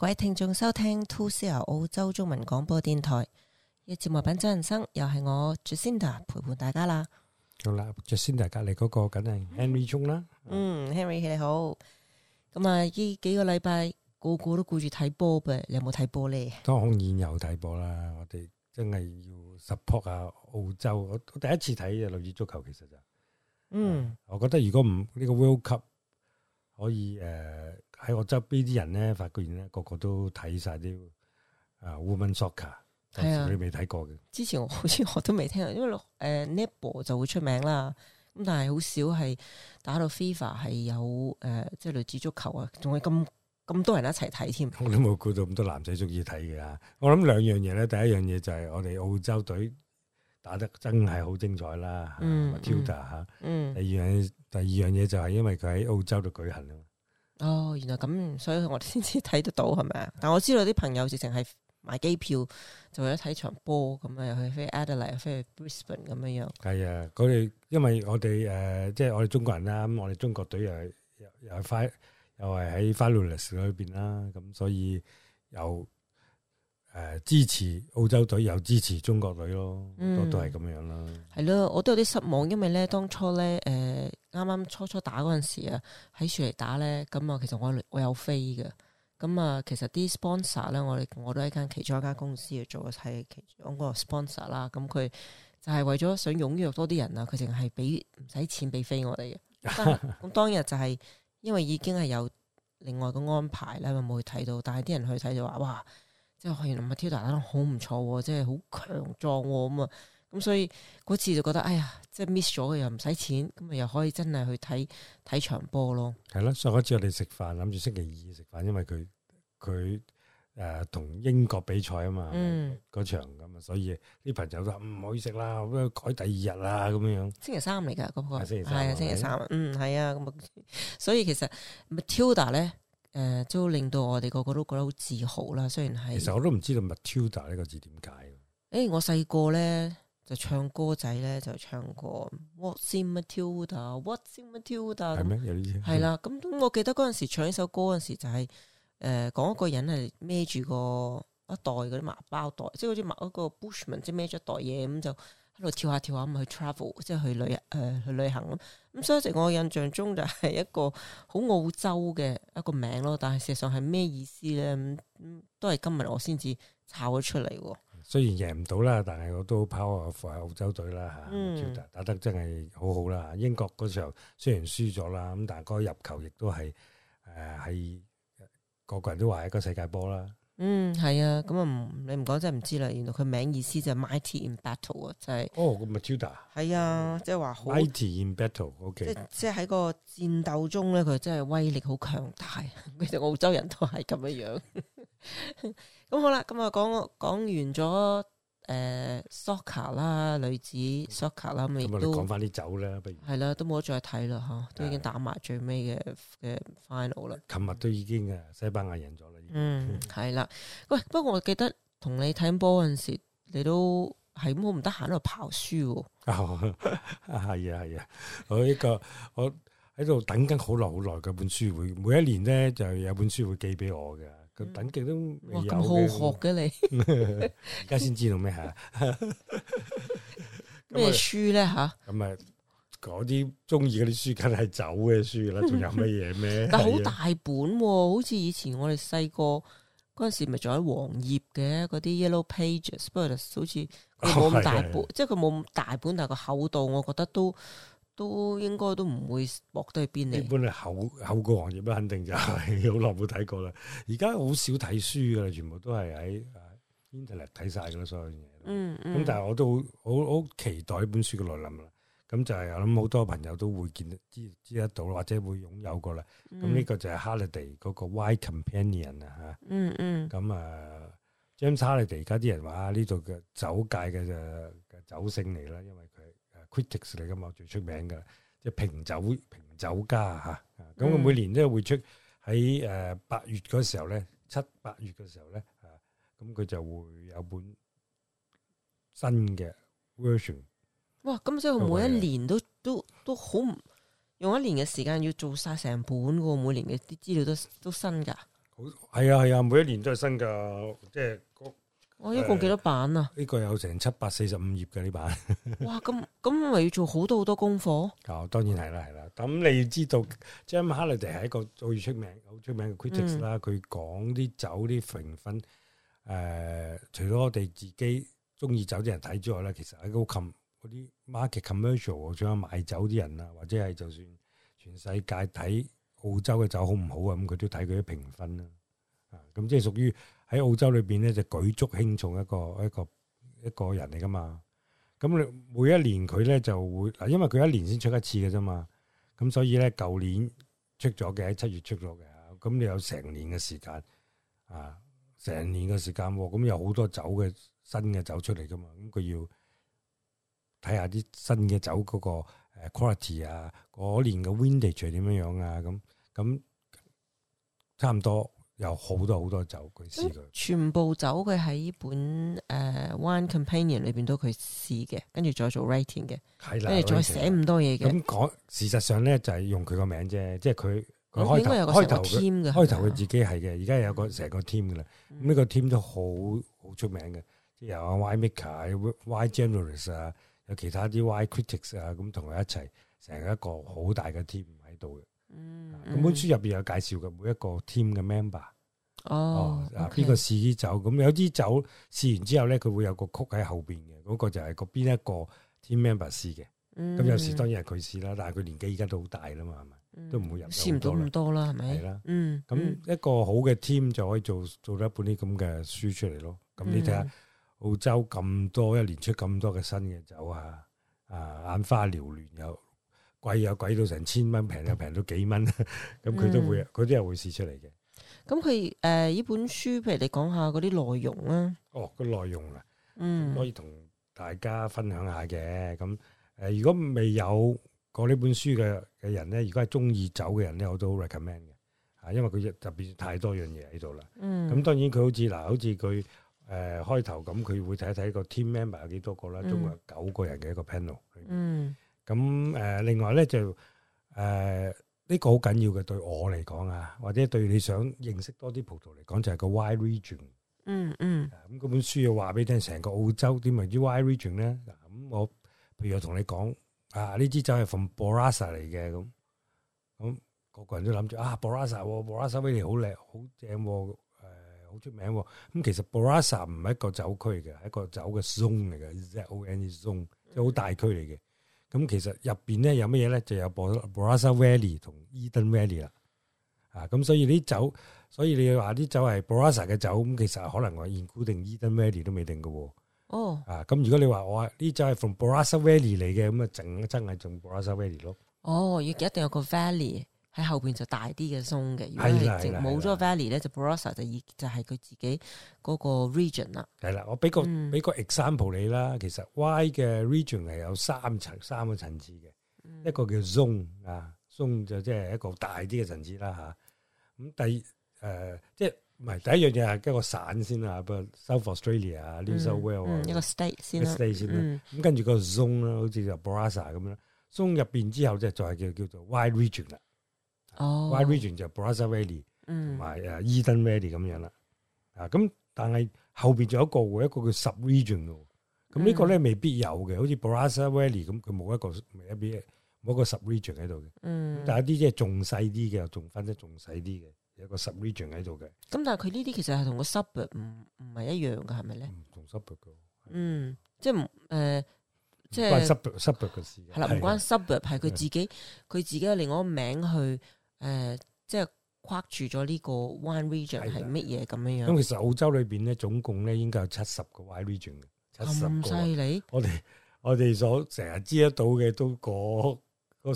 各位聽眾收聽 2CR 澳洲中文廣播電台嘅節目《品酒人生》又，又係我 Jacinda 陪伴大家啦。好啦 Jacinda 隔籬嗰個梗係 Henry Chong 啦、嗯。嗯，Henry 你好。咁啊，呢幾個禮拜個個都顧住睇波嘅，你有冇睇波咧？當然有睇波啦，我哋真係要 support 下澳洲。我我第一次睇啊，女子足球其實就嗯、啊，我覺得如果唔呢、呢個 World Cup 可以誒。呃喺澳洲邊啲人咧，發覺咧個個都睇晒啲啊 woman soccer，你未睇過嘅？之前我好似我都未聽過，因為誒、呃、netball 就會出名啦，咁但係好少係打到 FIFA 係有誒，即、呃、係、就是、類似足球啊，仲會咁咁多人一齊睇添。我都冇估到咁多男仔中意睇嘅。我諗兩樣嘢咧，第一樣嘢就係我哋澳洲隊打得真係好精彩啦，嗯，Matildas 吓，嗯、啊，第二樣、嗯、第二樣嘢就係因為佢喺澳洲度舉行哦，原來咁，所以我哋先至睇得到係咪啊？但我知道啲朋友直情係買機票就為咗睇場波咁啊，又去飛 Adelaide，又飛 Brisbane 咁樣樣。係啊，佢哋因為我哋誒、呃，即係我哋中國人啦，咁我哋中國隊又又又係翻，又係喺 Fowleries 裏邊啦，咁所以有。誒、呃，支持澳洲隊又支持中國隊咯，嗯、都係咁樣啦。係咯，我都有啲失望，因為咧當初咧，誒、呃，啱啱初初打嗰陣時啊，喺雪梨打咧，咁啊，其實我我有飛嘅，咁啊，其實啲 sponsor 咧，我哋，我都喺間其中一間公司去做嘅，係其中一個 sponsor 啦。咁佢就係為咗想踊躍多啲人啊，佢淨係俾唔使錢俾飛我哋嘅。咁 當日就係、是、因為已經係有另外個安排啦，冇去睇到，但係啲人去睇就話哇。即係原來咪 Tilda 打到好唔錯，即係好強壯咁啊！咁所以嗰次就覺得，哎呀，即係 miss 咗佢又唔使錢，咁咪又可以真係去睇睇場波咯。係咯，上一次我哋食飯諗住星期二食飯，因為佢佢誒同英國比賽啊嘛，嗯，嗯，嗰場咁啊，所以啲朋友都唔好意思啦，咁啊改第二日啊咁樣樣。星期三嚟噶嗰個星期三，係啊，星期三，嗯，係啊，咁啊，所以其實咪 Tilda 咧。誒，都、呃、令到我哋個個都覺得好自豪啦。雖然係，其實我都唔知道 Matilda 呢個字點解。誒、欸，我細個咧就唱歌仔咧就唱過 What's in Matilda？What's in Matilda？係咩？有呢啲？係 啦，咁我記得嗰陣時唱呢首歌嗰陣時就係誒講一個人係孭住個一袋嗰啲麻包袋，即、就、係、是、好似買一個 Bushman 即係孭咗一袋嘢咁就。喺度跳下跳下，咁去 travel 即係去旅誒去旅行咁。咁、呃、所以成我印象中就係一個好澳洲嘅一個名咯。但係事實上係咩意思咧？都係今日我先至查咗出嚟。雖然贏唔到啦，但係我都跑啊服喺澳洲隊啦吓。打得真係好好啦。嗯、英國嗰場雖然輸咗啦，咁但係嗰入球亦都係誒係個個人都話係一個世界波啦。嗯，係啊，咁啊，唔，你唔講真係唔知啦。原來佢名意思就係 Mighty in Battle 啊，就係哦，咁咪 Matilda 係啊，即係話好 Mighty in Battle，即係即係喺個戰鬥中咧，佢真係威力好強大。其實澳洲人都係咁樣樣。咁好啦，咁啊，講講完咗誒，soccer 啦，女子 soccer 啦，咁亦都講翻啲酒啦，不如係啦，都冇得再睇啦，吓，都已經打埋最尾嘅嘅 final 啦。琴日都已經嘅西班牙贏咗啦。嗯，係啦。喂，不過我記得同你睇波嗰陣時，你都係冇唔得閒喺度刨書。啊、哦，係啊，係啊。我呢、這個我喺度等緊好耐好耐嘅本書會，每每一年咧就有本書會寄俾我嘅。佢等極都、嗯、哇，咁好學嘅你，而家先知道咩係？咩 書咧吓？咁啊、嗯！嗯嗰啲中意嗰啲書梗係酒嘅書啦，仲有乜嘢咩？ 但大、啊、 好，ages, 但好大本，好似以前我哋細個嗰陣時，咪仲喺黃頁嘅嗰啲 Yellow Pages，不過好似冇咁大本，即係佢冇咁大本，但係個厚度，我覺得都都應該都唔會薄到去邊嚟。本嚟厚厚過黃頁，啦，肯定就是、 好耐冇睇過啦。而家好少睇書噶啦，全部都係喺 Internet 睇晒噶啦，所有嘢。咁、嗯嗯嗯、但係我都好好好期待呢本書嘅來臨啦。咁就係、是、我諗好多朋友都會見知知，知得到或者會擁有過啦。咁呢、嗯、個就係 Halliday 嗰個 Wine Companion 啊嚇、嗯。嗯嗯。咁啊，James Halliday 而家啲人話呢度嘅酒界嘅嘅酒聖嚟啦，因為佢 critics 嚟噶嘛，最出名嘅即係評酒評酒家嚇。咁、啊、佢、嗯嗯、每年都會出喺誒八月嗰時候咧，七八月嘅時候咧嚇，咁、啊、佢就會有本新嘅 version。哇！咁即係每一年都、哦、都都好唔用一年嘅時間要做晒成本噶每年嘅啲資料都都新噶。好，係啊係啊，每一年都係新噶，即係我一共幾多版啊？呢個有成七百四十五頁嘅呢版。 哇！咁咁咪要做好多好多功課。哦，當然係啦係啦。咁你要知道即 James Halliday 係一個好出名、好出 名嘅 critics 啦、嗯。佢講啲酒啲成分，誒、呃，除咗我哋自己中意酒啲人睇之外咧，其實喺高琴。嗰啲 market commercial 想買酒啲人啊，或者係就算全世界睇澳洲嘅酒好唔好啊，咁佢都睇佢啲評分啦。啊，咁即係屬於喺澳洲裏邊咧，就舉足輕重一個一個一個人嚟噶嘛。咁你每一年佢咧就會，嗱，因為佢一年先出一次嘅啫嘛。咁所以咧，舊年出咗嘅，喺七月出咗嘅，咁你有成年嘅時間啊，成年嘅時間，咁有好多酒嘅新嘅酒出嚟噶嘛，咁佢要。睇下啲新嘅酒嗰個 quality 啊，嗰年嘅 vintage 點樣樣啊？咁咁差唔多有好多好多酒佢試嘅、嗯，全部酒佢喺本誒、呃、Wine Companion 裏邊都佢試嘅，跟住再做 writing 嘅，跟住再寫咁多嘢嘅。咁講、嗯、事實上咧，就係、是、用佢個名啫，即係佢有個個開是是開頭 team 嘅，開頭佢自己係嘅，而家有個成個 team 噶啦，呢、嗯嗯、個 team 都好好出名嘅，即係有 wine maker 啊 wine generous 啊。有其他啲 Y critics 啊，咁同佢一齊，成一個好大嘅 team 喺度嘅。嗯，咁本書入邊有介紹嘅，每一個 team 嘅 member。哦，啊、哦，邊個試啲酒？咁、嗯 okay、有啲酒試完之後咧，佢會有個曲喺後邊嘅。嗰、那個就係個邊一個 team member 試嘅。咁、嗯、有時當然係佢試啦，但係佢年紀依家都好大啦嘛，係咪？都唔會入試唔到咁多啦，係咪？係啦，嗯。咁吧、嗯、一個好嘅 team 就可以做做咗一本呢咁嘅書出嚟咯。咁你睇下、嗯。.澳洲咁多，一年出咁多嘅新嘅酒啊，啊眼花繚亂又貴又貴到成千蚊，平又平到幾蚊，咁 佢、嗯、都會，佢啲人會試出嚟嘅。咁佢誒呢本書，譬如你講下嗰啲內容啊，哦，個內容啊，嗯，可以同大家分享下嘅。咁誒、呃，如果未有過呢本書嘅嘅人咧，如果係中意酒嘅人咧，我都好 recommend 嘅，啊，因為佢特別太多樣嘢喺度啦。嗯。咁當然佢好似嗱，好似佢。誒開頭咁佢會睇一睇個 team member 有幾多個啦，總共有九個人嘅一個 panel。嗯，咁誒另外咧，就誒呢個好緊要嘅對我嚟講啊，或者對你想認識多啲葡萄嚟講就係個 wine region。嗯嗯。咁嗰本書又話俾你聽，成個澳洲點為之 wine region 咧？咁我譬如我同你講啊，呢支酒係 from Barossa 嚟嘅，咁，咁個個人都諗住啊，Barossa，Barossa Valley 好靚，好正喎。好出名喎、哦。咁、嗯、其實 Borasa 唔係一個酒區嘅，係一個酒嘅 zone 嚟嘅，即係 zone、zone，即好大區嚟嘅。咁、嗯、其實入面呢有乜嘢呢？就有 Borasa Valley 同 Eden Valley 喇。咁、啊嗯、所以呢酒，所以你要話呢酒係 Borasa 嘅酒，咁、嗯、其實可能我已經固定 Eden Valley 都未定㗎喎、哦。咁、oh. 啊嗯、如果你話我話呢酒係 Bor、嗯、從 Borasa Valley 嚟嘅，咁咪整一真係做 Borasa Valley 囉。哦，要記得一定有個 Valley。喺後邊就大啲嘅 zone 嘅，如果冇咗 valley 咧就 Barossa 就已就係佢自己嗰個 region 啦。係啦，我俾個俾個 example 你啦。其實 wine 嘅 region 係有三層三個層次嘅，一個叫 zone 啊，zone 就即係一個大啲嘅層次啦吓。咁第誒即係唔係第一樣嘢係一個省先啊，比如 South Australia 啊，New South Wales 啊，一個 state 先啦。咁跟住個 zone 啦，好似就 Barossa 咁樣，zone 入邊之後即係再叫叫做 wine region 啦。哦 wide region 就係 Barossa Valley 同埋誒 Eden Valley 咁樣啦，啊咁，但係後邊仲有一個喎，一個叫 sub region 嘅，咁、嗯啊這個、呢個咧未必有嘅，好似 Barossa Valley 咁，佢冇一個 maybe 冇一個 sub region 喺度嘅，嗯，但係啲即係仲細啲嘅，仲分得仲細啲嘅，有一個 sub region 喺度嘅，咁但係佢呢啲其實係同個 suburb 唔唔係一樣嘅，係咪咧？唔同 sub 嘅，嗯，即係唔誒，即係 suburb sub 嘅事，係啦，唔關 suburb 係佢自己，佢自己嘅另外一個名去。誒、呃，即係框住咗呢個 wine region 係乜嘢咁樣樣？咁其實澳洲裏邊咧，總共咧應該有七十個 wine region 七十個犀利！我哋我哋所成日知得到嘅都嗰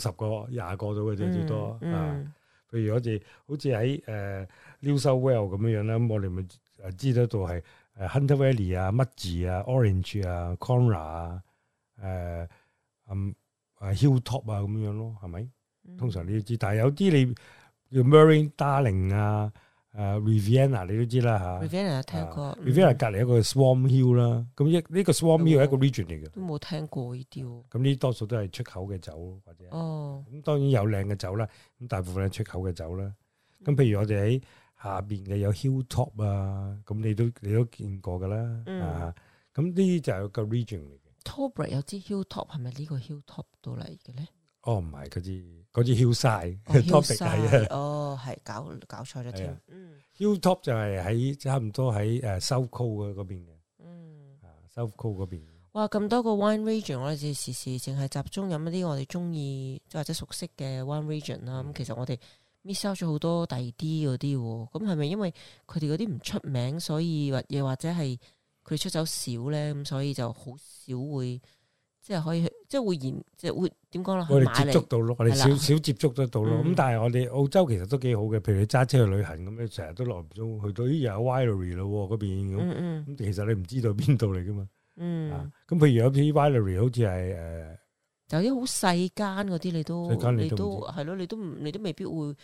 十個廿個到嘅啫，最多、嗯嗯、啊。譬如我哋好似好似喺誒 New South Wales 咁樣樣咧，嗯、我哋咪誒知得到係誒 Hunter Valley 啊、Mudgee 啊、Orange 啊、Cowra 啊、誒啊 Hilltop 啊咁樣樣咯，係咪？通常你都知，但係有啲你叫 Murray Darling 啊，誒 Riverina 你都知啦吓。Riverina 有聽過，Riverina 隔籬有個 Swan Hill 啦，咁一呢個 Swan Hill 係一個 region 嚟嘅。都冇聽過呢啲。咁呢啲多數都係出口嘅酒或者。哦。咁當然有靚嘅酒啦，咁大部分係出口嘅酒啦。咁譬如我哋喺下邊嘅有 Hilltop 啊，咁你都你都見過噶啦，啊，咁呢啲就係一個 region 嚟嘅。Tobre 有支 Hilltop 係咪呢個 Hilltop 到嚟嘅咧？哦，唔係嗰啲。嗰支 u 晒，o p 係啊，哦、嗯，係搞搞錯咗添。Hilltop 就係喺差唔多喺誒、嗯啊、South Co 嘅嗰邊嘅，嗯，South Co 嗰邊。哇，咁多個 wine region，我哋時時淨係集中飲一啲我哋中意或者熟悉嘅 wine region 啦、嗯。咁其實我哋 miss 咗好多第二啲嗰啲喎。咁係咪因為佢哋嗰啲唔出名，所以或又或者係佢出酒少咧？咁所以就好少會即係可以去，即係會延，即係會點講咯？我哋接觸到咯，我哋少少接觸得到咯。咁但係我哋澳洲其實都幾好嘅，譬如你揸車去旅行咁樣，成日都落唔中去到啲又 winery 咯嗰邊咁。咁其實你唔知道邊度嚟噶嘛？啊，咁譬如有啲 winery 好似係誒，就啲好細間嗰啲，你都你都係咯，你都你都未必會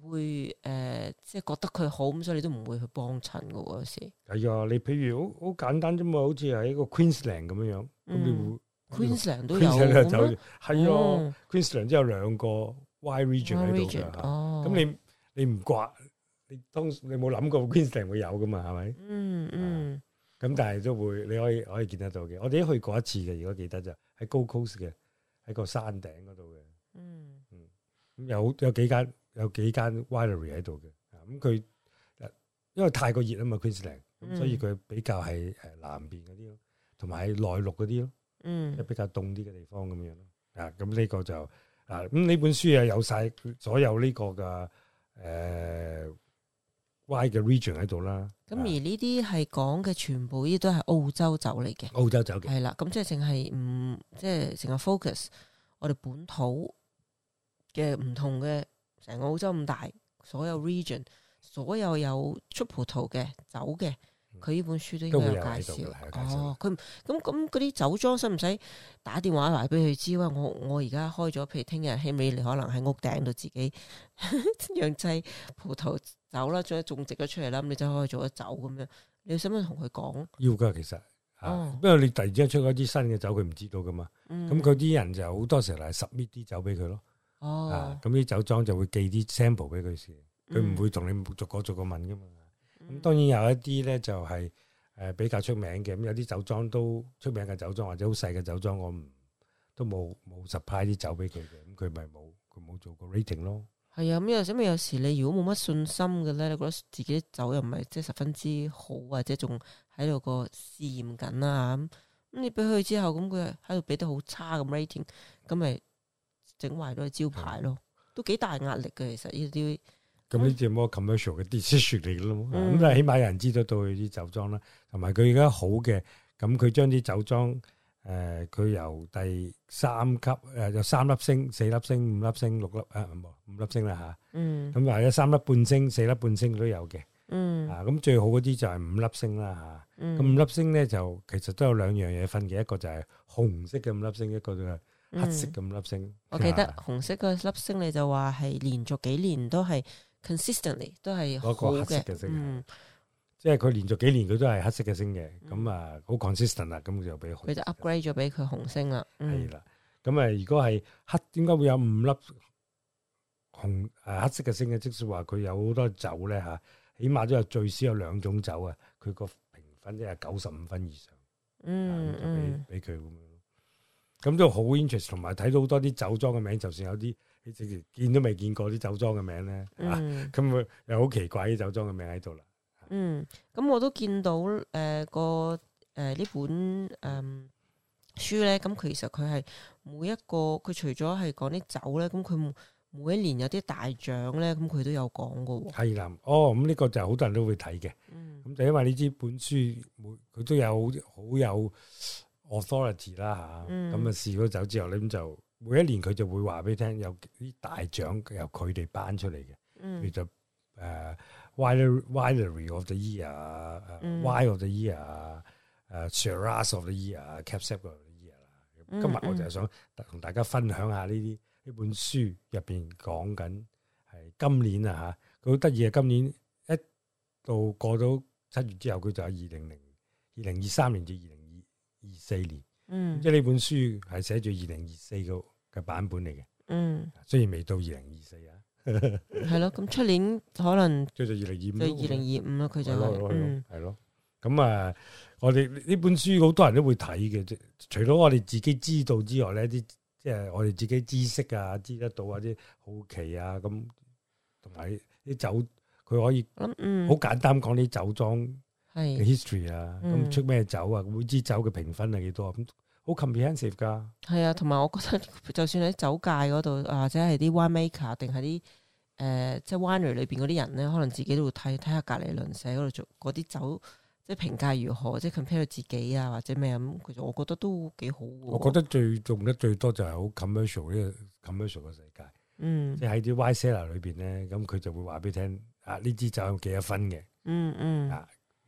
會誒，即係覺得佢好，咁所以你都唔會去幫襯噶喎。有時係啊，你譬如好好簡單啫嘛，好似係一個 Queensland 咁樣樣，咁你會。Queensland 都有，咁啊，喺咗 Queensland 之後，兩個 wine region 喺度嘅嚇。咁你你唔刮，你當你冇諗過 Queensland 會有嘅嘛？係咪？嗯嗯。咁但係都會，你可以可以見得到嘅。我哋去過一次嘅，如果記得就喺 Gold Coast 嘅，喺個山頂嗰度嘅。嗯嗯。咁有有幾間有幾間 winery 喺度嘅啊？咁佢因為太過熱啊嘛，Queensland，所以佢比較係誒南邊嗰啲咯，同埋內陸嗰啲咯。嗯，比較凍啲嘅地方咁樣咯，啊、嗯，咁呢個就啊，咁、嗯、呢本書啊有晒所有呢個嘅誒 w 嘅 region 喺度啦。咁、呃、而呢啲係講嘅全部，呢啲都係澳洲酒嚟嘅。澳洲酒嘅。係啦，咁即係淨係唔即係淨係 focus 我哋本土嘅唔同嘅成個澳洲咁大，所有 region，所有有出葡萄嘅酒嘅。佢呢本書都應該有介紹。哦，佢咁咁嗰啲酒莊使唔使打電話埋俾佢知？哇！我我而家開咗，譬如聽日起尾，你可能喺屋頂度自己釀製葡萄酒啦，仲有種植咗出嚟啦，咁你就可以做咗酒咁樣。你想唔想同佢講？要㗎，其實嚇、哦啊，因為你突然之間出咗啲新嘅酒，佢唔知道㗎嘛。咁佢啲人就好多時候嚟十 m 啲酒俾佢咯。哦、啊，咁啲酒莊就會寄啲 sample 俾佢先，佢唔會同你逐個逐個問㗎嘛。嗯啊咁當然有一啲咧就係誒比較出名嘅，咁有啲酒莊都出名嘅酒莊，或者好細嘅酒莊，我唔都冇冇實派啲酒俾佢嘅，咁佢咪冇，佢冇做過 rating 咯。係啊，咁又使咩？有時你如果冇乜信心嘅咧，你覺得自己酒又唔係即係十分之好，或者仲喺度個試驗緊啊。嚇、嗯，咁你俾佢之後，咁佢喺度俾得好差咁 rating，咁咪整壞咗個招牌咯，都幾大壓力嘅，其實呢啲。咁呢只摩，commercial 嘅 decision 嚟嘅咯，咁但係起碼有人知道到佢啲酒莊啦，同埋佢而家好嘅，咁佢將啲酒莊，誒佢由第三級誒有三粒星、四粒星、五粒星、六粒誒五五粒星啦嚇，嗯，咁或者三粒半星、四粒半星都有嘅，嗯，啊咁最好嗰啲就係五粒星啦嚇，嗯，咁五粒星咧就其實都有兩樣嘢分嘅，一個就係紅色嘅五粒星，一個就係黑色嘅五粒星。我記得紅色嘅五粒星你就話係連續幾年都係。consistently 都係嗰個黑色嘅星，嗯、即係佢連續幾年佢都係黑色嘅星嘅，咁啊好 consistent 啦，咁就俾佢就 upgrade 咗俾佢紅星啦，係啦對。咁啊、嗯，如果係黑，點解會有五粒紅誒、啊、黑色嘅星嘅？即係話佢有好多酒咧吓，起碼都有最少有兩種酒啊。佢個評分即係九十五分以上，嗯俾俾佢咁樣。咁都好 interest，同埋睇到好多啲酒莊嘅名，就算有啲。你直情見都未見過啲酒莊嘅名咧，咁啊、嗯、 又好奇怪啲酒莊嘅名喺度啦。嗯，咁我都見到誒個誒呢本誒書咧，咁其實佢係每一個佢除咗係講啲酒咧，咁佢每一年有啲大獎咧，咁佢都有講過。係啦，哦咁呢、這個就好多人都會睇嘅。咁就因為呢啲本書每佢都有好有 authority 啦、啊、吓。咁啊試咗酒之後咧咁就。嗯每一年佢就會話俾你聽有啲大獎由佢哋頒出嚟嘅，佢就誒 Winery Winery of the year 啊、uh, 嗯，誒 Wine of the year 啊，誒 Shiraz of the year 啊 Cab Sav of the year 啦。今日我就係想同大家分享下呢啲呢本書入邊講緊係今年啊嚇，佢好得意啊！今年一到過到七月之後，佢就係二零零二零二三年至二零二二四年，嗯，即係呢本書係寫住二零二四個。嘅版本嚟嘅，嗯，雖然未到二零二四啊，係咯，咁出年可能，就到二零二五，二零二五啦，佢就，嗯，係咯，咁啊，我哋呢本書好多人都會睇嘅，除咗我哋自己知道之外咧，啲即係我哋自己知識啊，知得到啊啲好奇啊，咁同埋啲酒，佢可以諗，嗯，好簡單講啲酒莊係 history 啊，咁出咩酒啊，會知酒嘅評分係幾多咁。好 comprehensive 噶，係啊，同埋我覺得，就算喺酒界嗰度，或者係啲 winemaker 定係啲誒、呃，即係 winery 裏邊嗰啲人咧，可能自己都會睇睇下隔離鄰舍嗰度做嗰啲酒，即係評價如何，即係 compare 到自己啊，或者咩咁，其實我覺得都幾好。我覺得最用得最多就係好 commercial 呢個 commercial 嘅世界，嗯，即係喺啲 wine cellar 裏邊咧，咁佢就會話俾你聽啊，呢支酒有幾多分嘅，嗯嗯，啊。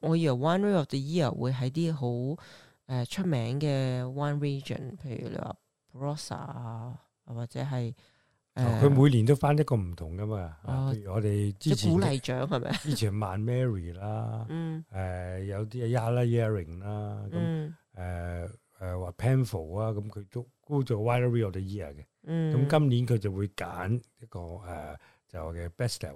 我以為 Wine of the Year 會喺啲好誒出名嘅 wine region 譬如你話 Barossa 啊或者係誒佢每年都翻一個唔同噶嘛譬如我哋之前鼓勵獎係咪啊之前萬 mar 啦嗯誒有啲啊 yarning 啦咁誒誒話 panel 啊咁佢都高咗 Wine of the Year 嘅嗯咁今年佢就會揀一個誒、呃、就嘅 best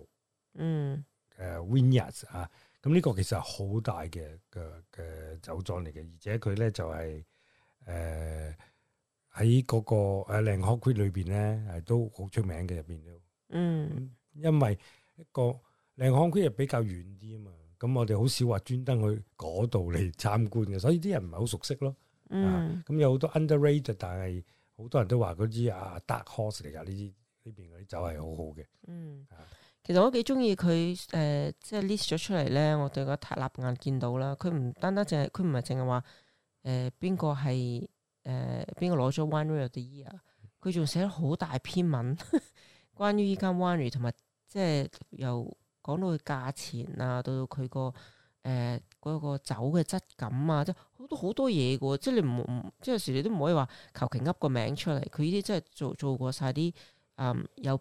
嗯誒 win 啊咁呢個其實係好大嘅嘅嘅酒莊嚟嘅，而且佢咧就係誒喺嗰個誒鵲鶉區裏邊咧，係、啊、都好出名嘅入邊都。嗯，因為一、那個鵲鶉區又比較遠啲啊嘛，咁我哋好少話專登去嗰度嚟參觀嘅，所以啲人唔係好熟悉咯。啊、嗯，咁、嗯嗯、有好多 underrated 但係好多人都話嗰啲啊 dark horse 嚟㗎呢啲呢邊嗰啲酒係好好嘅。嗯、啊。其實我幾中意佢，誒，即係 list 咗出嚟咧，我對個塔立眼見到啦。佢唔單單淨係，佢唔係淨係話誒邊個係誒邊個攞咗 Wine of the Year，佢仲寫咗好大篇文 關於依間 Wine 同埋，即係由講到佢價錢啊，到到佢個誒個酒嘅質感啊，即係好多好多嘢噶。即係你唔唔，即係有時你都唔可以話求其噏個名出嚟。佢呢啲真係做做過晒啲嗯有。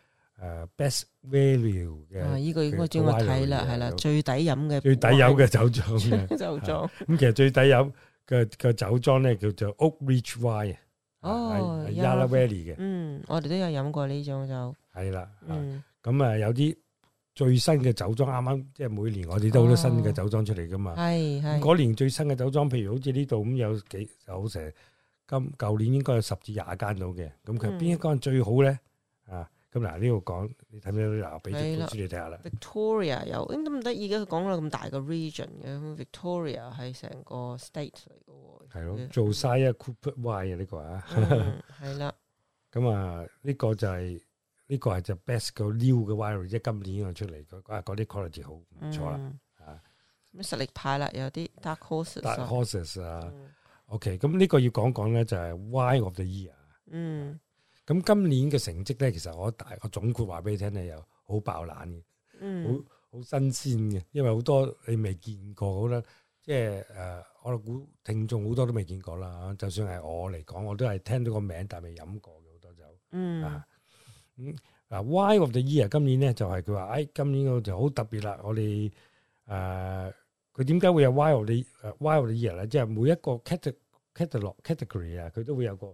誒，best value 嘅，呢個應該最我睇啦，係啦，最抵飲嘅，最抵飲嘅酒莊。酒莊咁其實最抵飲嘅嘅酒莊咧，叫做 Oakridge Wine，哦，Yarra Valley 嘅。嗯，我哋都有飲過呢種酒。係啦，嗯，咁啊有啲最新嘅酒莊，啱啱即係每年我哋都好多新嘅酒莊出嚟噶嘛。係係，嗰年最新嘅酒莊，譬如好似呢度咁，有幾有成咁，舊年應該有十至廿間到嘅。咁佢邊一間最好咧？啊！咁嗱，呢度講你睇咩嗱，我俾張本書你睇下啦。Victoria 有，誒，得唔得意？而家佢講到咁大個 region 嘅 Victoria 係成個 state 嚟嘅。係咯，做晒一 Cooper wine 啊，呢個啊。係啦。咁啊，呢個就係呢個係就 best 嘅 new 嘅 wine，即係今年出嚟，佢嗰啲 quality 好唔錯啦。啊，咁實力派啦？有啲 Dark Horses Dark Horses 啊。OK，咁呢個要講講咧，就係 wine of the year。嗯。咁今年嘅成績咧，其實我大，我總括話俾你聽咧，又好爆冷嘅，好好、嗯、新鮮嘅，因為好多你未見過，好啦，即係誒、呃，我估聽眾好多都未見過啦，就算係我嚟講，我都係聽到個名，但未飲過嘅好多酒。嗯啊，咁啊，Wine of the Year 今年咧就係佢話，哎，今年我就好特別啦。我哋誒佢點解會有 Wine of the Wine of the Year 咧？即係每一個 cate, catalog, category、category、category 啊，佢都會有個。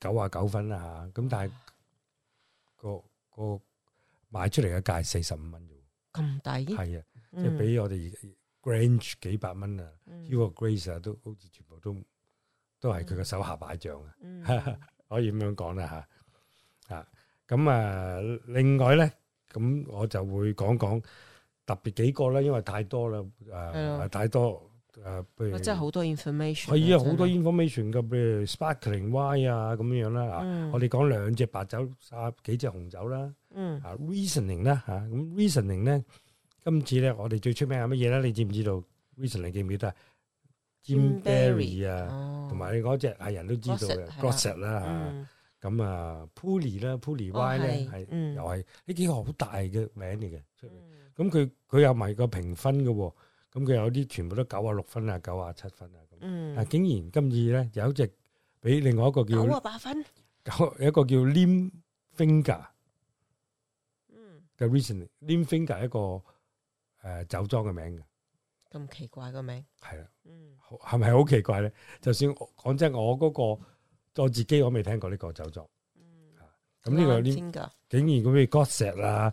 九啊九分啦吓，咁但係、嗰個、嗰個賣出嚟嘅價係四十五蚊啫，咁抵係啊，的嗯、即係俾我哋 Grange 幾百蚊啊，呢個、嗯、Grace 啊都好似全部都都係佢個手下敗將、嗯、 啊，可以咁樣講啦吓啊，咁啊另外咧，咁我就會講講特別幾個啦，因為太多啦，誒、呃、的太多。啊，譬如真係好多 information，係啊，好多 information 嘅，譬如 Sparkling Y 啊咁樣樣啦，我哋講兩隻白酒，幾隻紅酒啦，啊 Reasoning 啦嚇，咁 Reasoning 咧，今次咧我哋最出名係乜嘢咧？你知唔知道 Reasoning 記唔記得？Jim Barry 啊，同埋你嗰隻係人都知道嘅 Grosset 啦嚇，咁啊 Pooley 啦 Pooley 咧係又係呢幾個好大嘅名嚟嘅，出名，咁佢佢又有埋個評分嘅喎。咁佢有啲全部都九啊六分啊，九啊七分啊。嗯。但竟然今次咧有一隻俾另外一個叫九啊八分，九有一個叫 Lim Finger。嗯。嘅 reason，Lim Finger 係一個誒酒莊嘅名嘅。咁奇怪嘅名。係啊。嗯。係咪好奇怪咧？就算講真，我嗰個我自己我未聽過呢個酒莊。嗯。咁呢個呢？竟然嗰啲割石啊！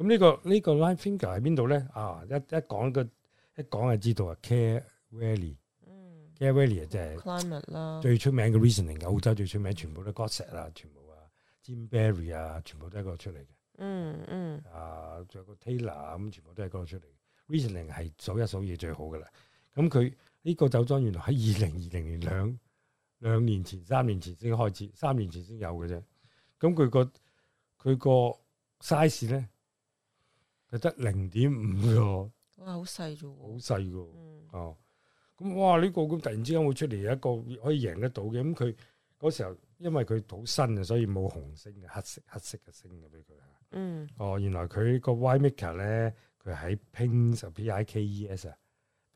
咁呢、這個呢、這個 l i n e finger 喺邊度咧？啊，一一講個一講就知道啊，Clare Valley，Clare Valley 啊、嗯，即係 climate 啦，最出名嘅 Riesling，、嗯、澳洲最出名，全部都 Grosset 啊，全部啊 Jim Barry 啊，全部都係嗰出嚟嘅、嗯，嗯嗯，啊，仲有個 Taylor 咁，全部都係嗰出嚟。嘅。Riesling 係數一數二最好噶啦。咁佢呢個酒莊原來喺二零二零年兩兩年前、三年前先開始，三年前先有嘅啫。咁佢、那個佢個 size 咧？就得零點五喎，哇！好細啫，好細㗎，哦！咁哇呢個咁突然之間會出嚟一個可以贏得到嘅，咁佢嗰時候因為佢好新啊，所以冇紅色嘅黑色黑色嘅星嘅俾佢啊，嗯，哦，原來佢個 Wine Maker 咧，佢喺 Pikes P、e、Pikes 啊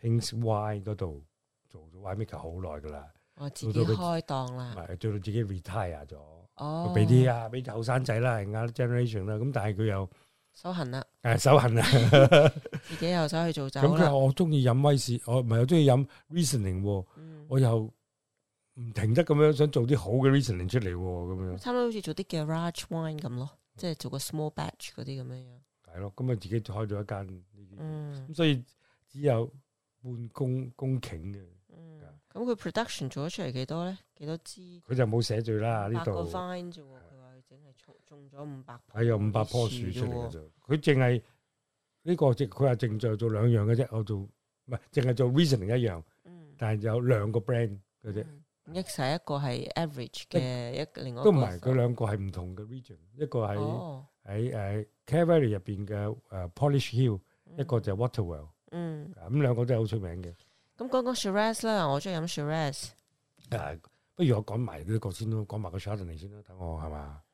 ，Pikes、e、Y 嗰度做咗 Wine Maker 好耐噶啦，我自己開檔啦，咪做，做到自己 retire 咗，哦，俾啲啊俾後生仔啦，而家 generation 啦，咁但係佢又手痕啦。手痕啊，自己又走去做酒。咁，我中意飲威士，我唔係又中意飲 Riesling。我又唔停得咁樣想做啲好嘅 Riesling 出嚟。咁樣，差唔多好似做啲 garage wine 咁囉，即係做個 small batch 嗰啲咁樣，係咯。咁啊自己開咗一間呢啲，嗯，所以只有半公公頃，嗯，咁佢 production 做咗出嚟幾多呢？幾多支佢就冇寫住啦呢度種咗五百，係有五百棵樹出嚟嘅啫。佢淨係呢個，即佢話淨在做兩樣嘅啫。我做唔係淨係做 Riesling 一樣，但係有兩個 brand 嘅啫。一係一個係 average 嘅一，另外一個都唔係。佢兩個係唔同嘅 region，一個喺喺誒 Clare Valley 入邊嘅誒 Polish Hill，一個就 Watervale。嗯，咁兩個都係好出名嘅。咁講講 Shiraz 啦，我中意飲 Shiraz。誒，不如我講埋呢個先啦，講埋個 Chardonnay 先啦，等我係嘛？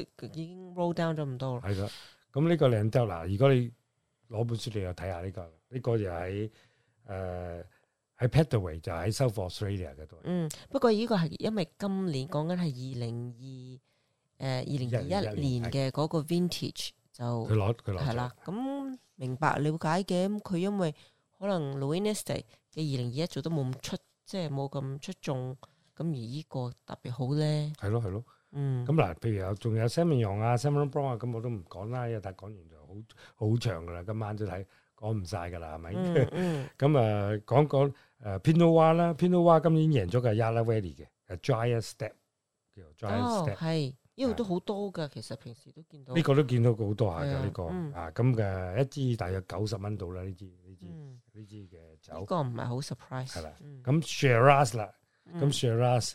已經 roll down 咗咁多啦。係啦，咁呢個靚得嗱，如果你攞本書嚟又睇下呢個，呢、這個、呃、away，就喺誒喺 Padthaway 就喺 South Australia 嗰度。嗯，不過呢個係因為今年講緊係二零二誒二零二一年嘅嗰個 Vintage 就佢佢攞。攞、嗯。係啦就。咁明白了解嘅，咁佢因為可能 Leeuwin Estate 嘅二零二一做得冇咁出，即係冇咁出眾，咁而呢個特別好咧。係咯，係咯。嗯，咁嗱，譬如有仲有 Semillon 啊、Semillon Blanc 啊，咁我都唔講啦，因為但講完就好好長噶啦，今晚都睇講唔晒噶啦，係咪？咁啊，講講誒 Pinot 啦，Pinot 今年贏咗嘅 Yarra Valley 嘅 Giant Steps，叫 Giant Steps，係，因為都好多噶，其實平時都見到呢個都見到好多下嘅呢個啊，咁嘅一支大約九十蚊到啦，呢支呢支呢支嘅酒，呢個唔係好 surprise，係啦，咁 Shiraz 啦，咁 Shiraz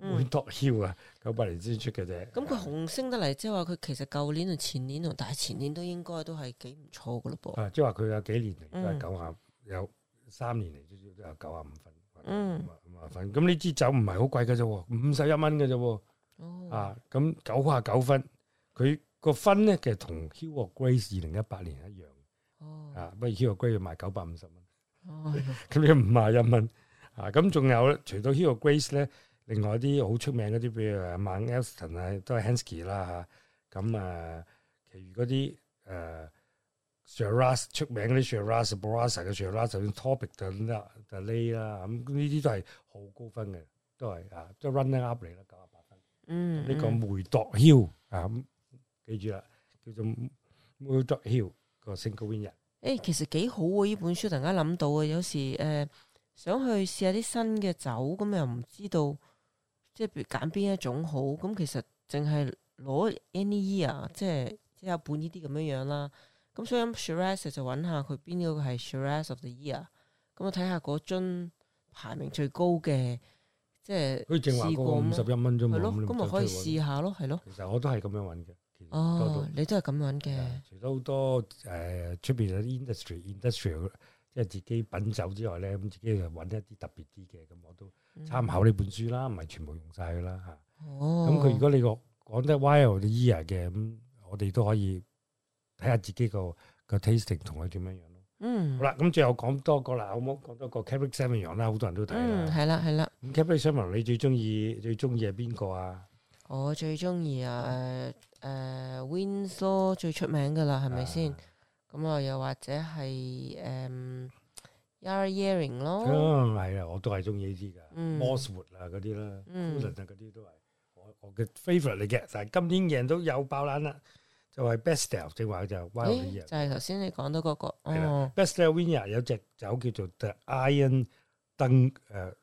會、嗯、多囂啊！九百年先出嘅啫。咁佢紅升得嚟，即係話佢其實舊年同前年同，但係前年都應該都係幾唔錯嘅咯噃。啊，即係話佢有幾年嚟都係九十有三年嚟，都有九十五分。嗯，咁啊、哦嗯嗯嗯、分。咁呢支酒唔係好貴嘅啫，五十一蚊嘅啫。哦。啊，咁九十九分，佢個分咧其實同 Hill of Grace 二零一八年一樣。哦、 21, 啊，不如 Hill of Grace 賣九百五十蚊。咁你五賣一蚊。啊，咁仲有，除到 Hill of Grace 咧。另外啲好出名嗰啲，譬如阿孟 Elston 啊，都係 Henschke 啦。咁啊，其餘嗰啲誒 Shiraz 出名嗰啲 Shiraz、Barossa 嘅 Shiraz，甚至 Topic 等啦、The Lay 啦，咁呢啲都係好高分嘅，都係啊，都係 running up 嚟啦，九十八分。嗯，呢個梅朵 Hill 啊，記住啦，叫做梅朵 Hill 個 single winner。誒，其實幾好喎！呢本書突然間諗到啊，有時誒想去試下啲新嘅酒，咁又唔知道。即係譬如揀邊一種好，咁其實淨係攞 any year，即係即係半呢啲咁樣樣啦。咁、嗯、所以 Shiraz 就揾下佢邊個係 Shiraz of the year，咁我睇下嗰樽排名最高嘅，即係試過五十一蚊咋嘛。係咯，咁咪、嗯、可以試下咯，係咯。其實我都係咁樣揾嘅。哦、啊，你都係咁揾嘅。除咗好多誒出、呃、邊啲 industry industry 即係自己品酒之外咧，咁自己又揾一啲特別啲嘅，咁我都，參考呢本書啦，唔係全部用曬噶啦嚇。咁佢如果你個講得 while the year 嘅，咁我哋都可以睇下自己個個 tasting 同佢點樣樣咯。嗯，好啦，咁最後講多個啦，好唔好講多個 Cabernet Sauvignon 啦？好多人都睇。嗯，係啦，係啦。咁 Cabernet Sauvignon 你最中意最中意係邊個啊？我最中意啊誒誒 Wine So 最出名㗎啦，係咪先？咁啊又或者係誒？耳環咯，嗯，係啊，我都係中意呢啲噶，Moss Wood 啊嗰啲啦，Cullen 啊嗰啲都係我我嘅 favourite 嚟嘅。但係今年贏到有爆冷啦，就係 best deal 正話就 winya，就係頭先你講到嗰個哦，best deal winya 有隻酒叫做 the iron 登誒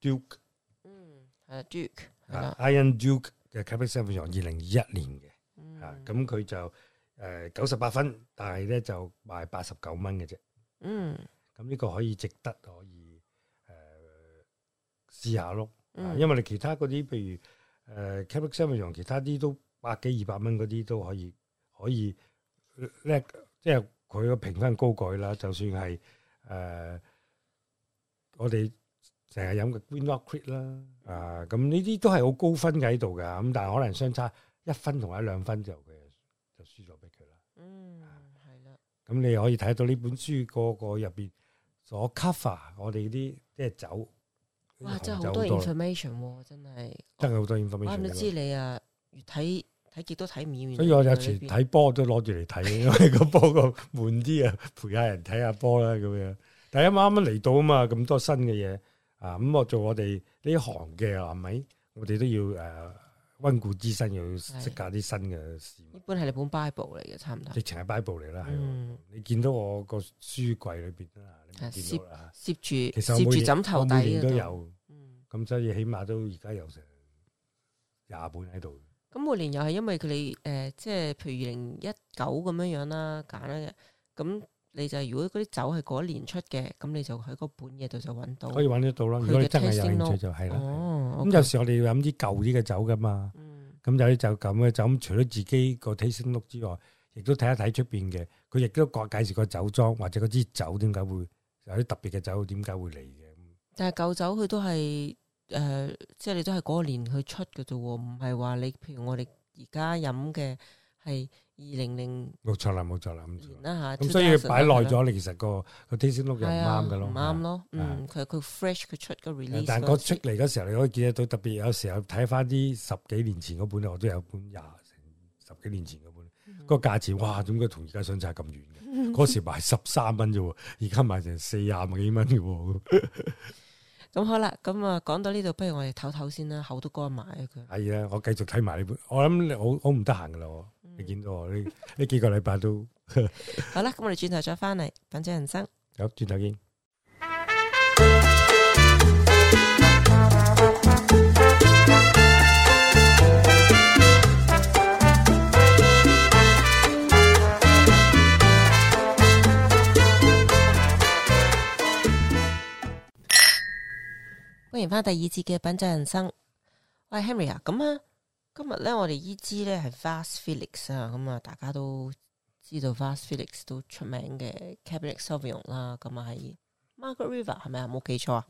duke，嗯，係啊 duke，啊 iron duke 嘅 cabernet 上面有二零二一年嘅，嚇咁佢就誒九十八分，但係咧就賣八十九蚊嘅啫，嗯。咁呢個可以值得可以誒試、呃、下咯、嗯啊，因為你其他嗰啲，譬如誒、呃、Capriccio 咁其他啲都百幾二百蚊嗰啲都可以可以叻、呃，即係佢個評分高過啦。就算係誒、呃、我哋成日飲嘅 Winograd Crit 啦，啊咁呢啲都係好高分喺度噶。咁但係可能相差一分同一兩分就佢就輸咗俾佢啦。嗯，係啦。咁、啊、你可以睇到呢本書個個入邊。攞 cover，我哋啲即係走。哇！真係好多 information 喎，真係真係好多 information。哇！我知你啊，越睇睇幾多睇唔完。所以我有時睇波都攞住嚟睇， 因為個波個悶啲啊，陪下人睇下波啦咁樣。但係因為啱啱嚟到啊嘛，咁多新嘅嘢啊，咁、嗯、我做我哋呢行嘅係咪？我哋都要誒。啊溫故知新，又要識搞啲新嘅事物。一般係你本 Bible 嚟嘅，差唔多。直情係 Bible 嚟啦，係、嗯。你見到我個書櫃裏邊啦，你見到啦，攝住，枕頭底都有。咁、嗯、所以起碼都而家有成廿本喺度。咁、嗯、每年又係因為佢哋誒，即、呃、係譬如二零一九咁樣樣啦，揀啊咁。你就如果嗰啲酒係嗰一年出嘅，咁你就喺嗰半夜度就揾到。可以揾得到啦，它的 如果你真係有興趣就係啦。咁的、哦 okay、有時我哋要飲啲舊啲嘅酒噶嘛。咁、嗯、有啲就咁嘅，酒。咁除咗自己個 tasting 屋之外，亦都睇一睇出邊嘅。佢亦都講介紹個酒莊或者嗰支酒點解會有啲特別嘅酒，點解會嚟嘅。但係舊酒佢都係誒，即、呃、係、就是、你都係嗰年去出嘅啫喎，唔係話你譬如我哋而家飲嘅。係二零零，冇錯啦，冇錯啦，咁所以擺耐咗，你其實個個 tasting note 又唔啱嘅咯，唔啱咯，嗯，佢佢 fresh 佢出個 release，但係出嚟嗰時候，你可以見得到特別有時候睇翻啲十幾年前嗰本，我都有本廿成十幾年前嗰本，個價錢哇，點解同而家相差咁遠？嗰時賣十三蚊啫，而家賣成四廿幾蚊嘅。咁好啦，咁啊講到呢度，不如我哋唞唞先啦，口都乾埋啊佢。係啊，我繼續睇埋呢本，我諗你好好唔得閒噶啦。你見到我呢呢幾個禮拜都好啦，咁我哋轉頭再翻嚟品酒人生。好，轉頭見。歡迎翻第二節嘅品酒人生。喂，Henry 啊，咁啊。今日咧，我哋呢支咧係 Vasse Felix 啊，咁啊，大家都知道 Vasse Felix 都出名嘅 Cabernet Sauvignon 啦，咁啊喺 Margaret River 係咪啊？冇記錯啊？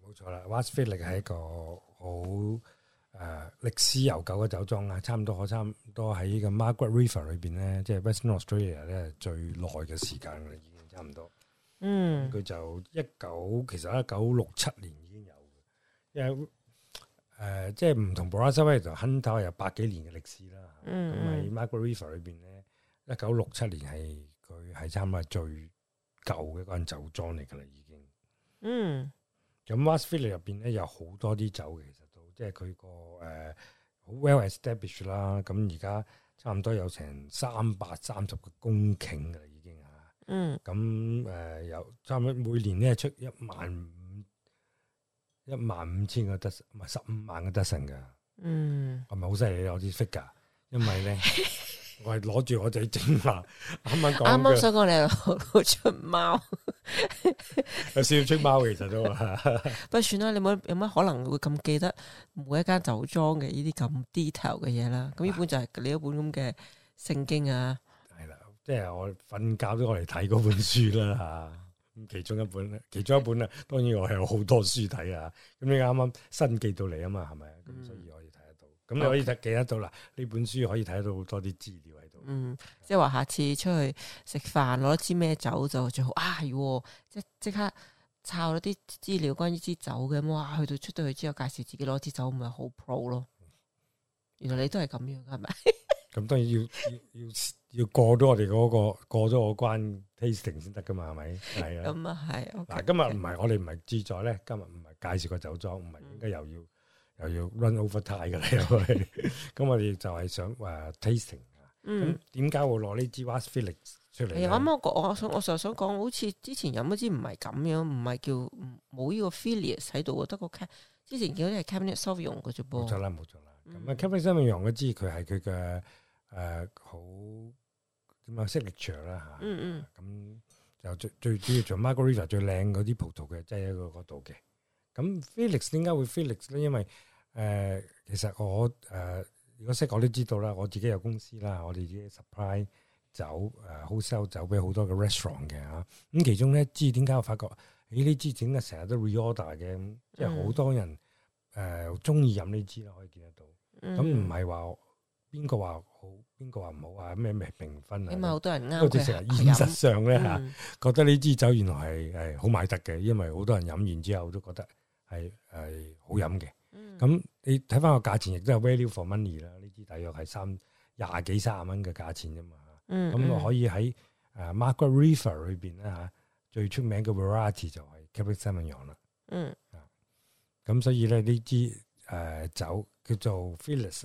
冇錯啦，Vasse Felix 係一個好誒歷史悠久嘅酒莊啊，差唔多可差唔多喺呢個 Margaret River 裏邊咧，即係 Western Australia 咧最耐嘅時間啦，已經差唔多。嗯，佢就一九其實一九六七年已經有嘅。因為誒、呃，即係唔同。布拉索威特亨特有百幾年嘅歷史啦。咁喺 Margaret River 裏邊咧，一九六七年係佢係差唔多最舊嘅一間酒莊嚟㗎啦，已經。嗯。咁 Vasse Felix 入邊咧有好多啲酒，其實都即係佢個誒好 well established 啦。咁而家差唔多有成三百三十個公頃㗎啦，已經嚇。咁誒有差唔多每年咧出一萬。一萬五千個德勝，唔係十五萬個德勝噶，嗯，係咪好犀利啊？我啲識噶，因為咧， 我係攞住我仔整華，啱啱講，啱啱想講你出貓，有少少出貓其實都啊， 不過算啦，你冇有乜可能會咁記得每一間酒莊嘅呢啲咁 detail 嘅嘢啦。咁呢本就係你一本咁嘅聖經啊，係啦，即係我瞓覺都攞嚟睇嗰本書啦吓。其中一本，其中一本啊，當然我係有好多書睇啊。咁你啱啱新寄到嚟啊嘛，係咪？咁所以可以睇得到。咁、嗯、你可以睇記得到啦。呢、嗯、本書可以睇得到好多啲資料喺度。嗯，即係話下次出去食飯，攞支咩酒就最好啊！如果、哦、即即刻抄咗啲資料關於支酒嘅，哇！去到出到去之後介紹自己攞支酒，咪好 pro 咯。原來你都係咁樣，係咪？咁、嗯、 當然要要要。要要要過咗我哋嗰個，過咗我關 tasting 先得㗎嘛，係咪？係啊，咁啊係。嗱，今日唔係我哋唔係資助咧，今日唔係介紹個酒莊，唔係應該又要又要 run over time 㗎啦。咁我哋就係想話 tasting 啊。嗯。咁點解會攞呢支 Vasse Felix 嚟出嚟？啱啱，我我想我就係想講，好似之前飲一支唔係咁樣，唔係叫冇呢個 Filius 喺度，得個 Cab。之前叫呢個 Cabernet Sauvignon 嘅啫噃。冇錯啦，冇錯啦。咁啊 Cabernet Sauvignon 嗰支佢係佢嘅誒好。咁啊，structure 啦嚇，咁就、嗯嗯、最最,最主要做 Margaret River 最靚嗰啲葡萄嘅，即係一個度嘅。咁 Felix 點解會 Felix 咧？因為誒、呃，其實我誒、呃，如果識我都知道啦，我自己有公司啦，我哋啲 supply 酒誒，好、呃、sell 酒俾好多嘅 restaurant 嘅吓。咁、啊、其中咧，知點解我發覺誒呢支整咧成日都 reorder 嘅，嗯、即係好多人誒中意飲呢支啦，可以見得到。咁唔係話。邊個話好？邊個話唔好啊？咩咩評分啊、嗯？因為好多人啱嘅，都係成日現實上咧吓，覺得呢支酒原來係誒好買得嘅，因為好多人飲完之後都覺得係係好飲嘅。咁、嗯、你睇翻個價錢，亦都係 value for money 啦。呢支大約係三廿幾三十、卅蚊嘅價錢啫嘛。咁我可以喺誒 Margaret River 裏邊咧吓，最出名嘅 Variety 就係 Cabernet Sauvignon 啦。嗯咁所以咧呢支誒酒叫做 Filius。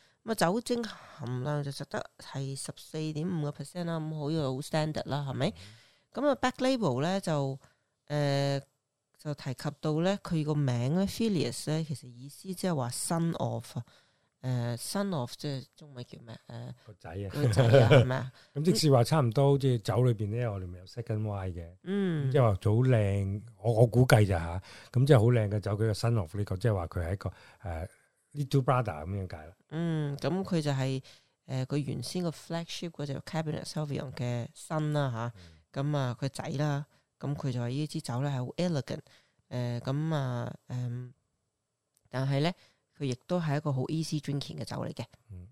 咁酒精含量就只得係十四點五個 percent 啦，咁好又好 standard 啦，係咪？咁啊 back label 咧就誒就提及到咧佢個名咧 Filius 咧，其實意思即係話 son of 誒 son of 即係中文叫咩誒個仔啊，係咪？咁即是話差唔多，即係酒裏邊咧，我哋咪有 second wine 嘅，嗯，即係話好靚。我我估計咋吓？咁即係好靚嘅酒，佢個 son of 呢個，即係話佢係一個誒。little brother 咁樣解啦。嗯，咁佢就係誒佢原先個 flagship 嗰隻 Cabernet Sauvignon 嘅新啦嚇，咁啊佢仔啦，咁佢就係呢支酒咧係好 elegant，誒咁啊誒，但係咧佢亦都係一個好 easy drinking 嘅酒嚟嘅。嗯，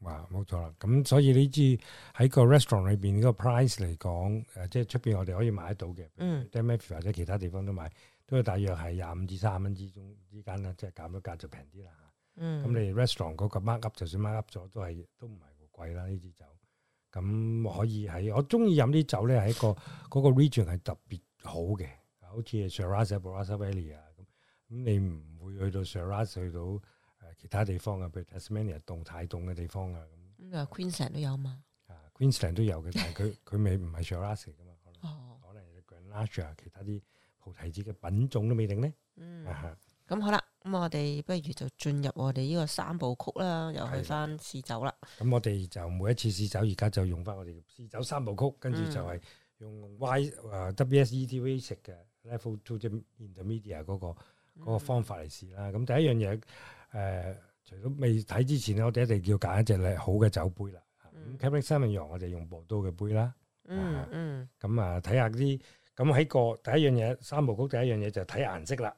哇冇錯啦，咁所以呢支喺個 restaurant 裏邊嗰個 price 嚟講，誒即係出邊我哋可以買到嘅，嗯，Dan Murphy's 或者其他地方都買，都係大約係廿五至三十蚊之中之間啦，即係減咗價就平啲啦。咁、嗯、你 restaurant 嗰個 mark up 就算 mark up 咗，都係都唔係好貴啦。呢啲酒咁可以喺我中意飲啲酒咧，喺個嗰、嗰個 region 係特別好嘅，好似 Shiraz Barossa Valley 啊咁。咁你唔會去到 Shiraz 去到誒其他地方啊，譬如 Tasmania 凍太凍嘅地方啊咁。咁啊，Queensland 都有嘛？Queensland 都有嘅，但係佢佢未唔係 Shiraz 噶嘛？ za, 可能、哦、可能 Grenache 其他啲葡提子嘅品種都未定咧。咁、嗯 嗯、好啦。咁我哋不如就進入我哋呢個三部曲啦，又去翻試酒啦。咁、嗯、我哋就每一次試酒，而家就用翻我哋嘅試酒三部曲，跟住就係用 Y 啊 WSETV 食嘅 Level Two 即係 Intermediate 嗰個個方法嚟試啦。咁、嗯、第一樣嘢，誒、呃，除咗未睇之前咧，我哋一定要揀一隻咧好嘅酒杯啦。咁 Captain Samuel 我哋用薄刀嘅杯啦、嗯。嗯嗯。咁啊，睇下啲咁喺個第一樣嘢，三部曲第一樣嘢就睇顏色啦。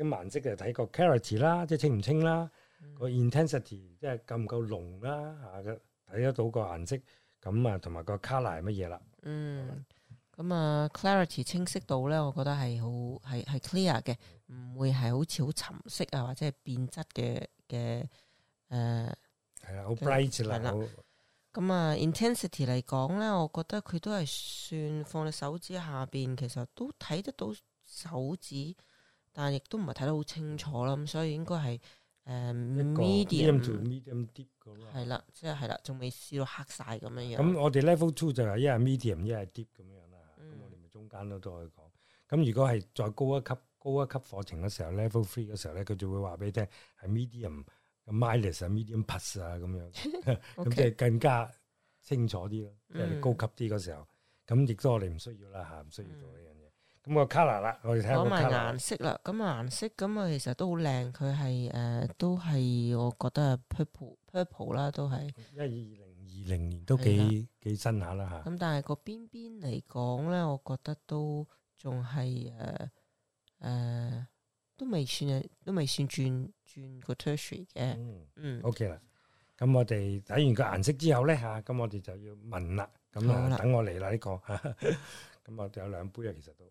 啲顏色就睇個 clarity 啦，即係清唔清啦；個 intensity 即係夠唔夠濃啦嚇，睇得到個顏色咁啊，同埋個 color 係乜嘢啦？嗯，咁啊，clarity 清晰度咧，我覺得係好係係 clear 嘅，唔會係好似好沉色啊，或者係變質嘅嘅誒。係、呃、啦，好 bright 啦，咁啊，intensity 嚟講咧，我覺得佢都係算放喺手指下邊，其實都睇得到手指。但係亦都唔係睇得好清楚啦，咁所以應該係誒 medium，deep 係啦，即係係啦，仲未試到黑晒咁樣樣。咁我哋 level two 就係一係 medium，一係 deep 咁樣啦。咁、嗯、我哋咪中間都都可以講。咁如果係再高一級、高一級課程嘅時候，level three 嘅時候咧，佢就會話俾你聽係 medium，minus medium plus 啊咁樣，咁即係更加清楚啲咯，即係高級啲嗰時候。咁亦都我哋唔需要啦嚇，唔需要做呢樣。咁個 colour 啦，我哋睇下個 color。講埋顏色啦，咁顏色咁啊，其實都好靚。佢係誒，都係我覺得係 purple，purple 啦，都係。因為二零二零年都幾幾新下啦嚇。咁但係個邊邊嚟講咧，我覺得都仲係誒誒，都未算誒，都未算轉轉個 tertiary 嘅。嗯嗯，OK 啦。咁我哋睇完個顏色之後咧嚇，咁我哋就要聞啦。好啦。咁啊，等我嚟啦呢個。咁我哋有兩杯啊，其實都。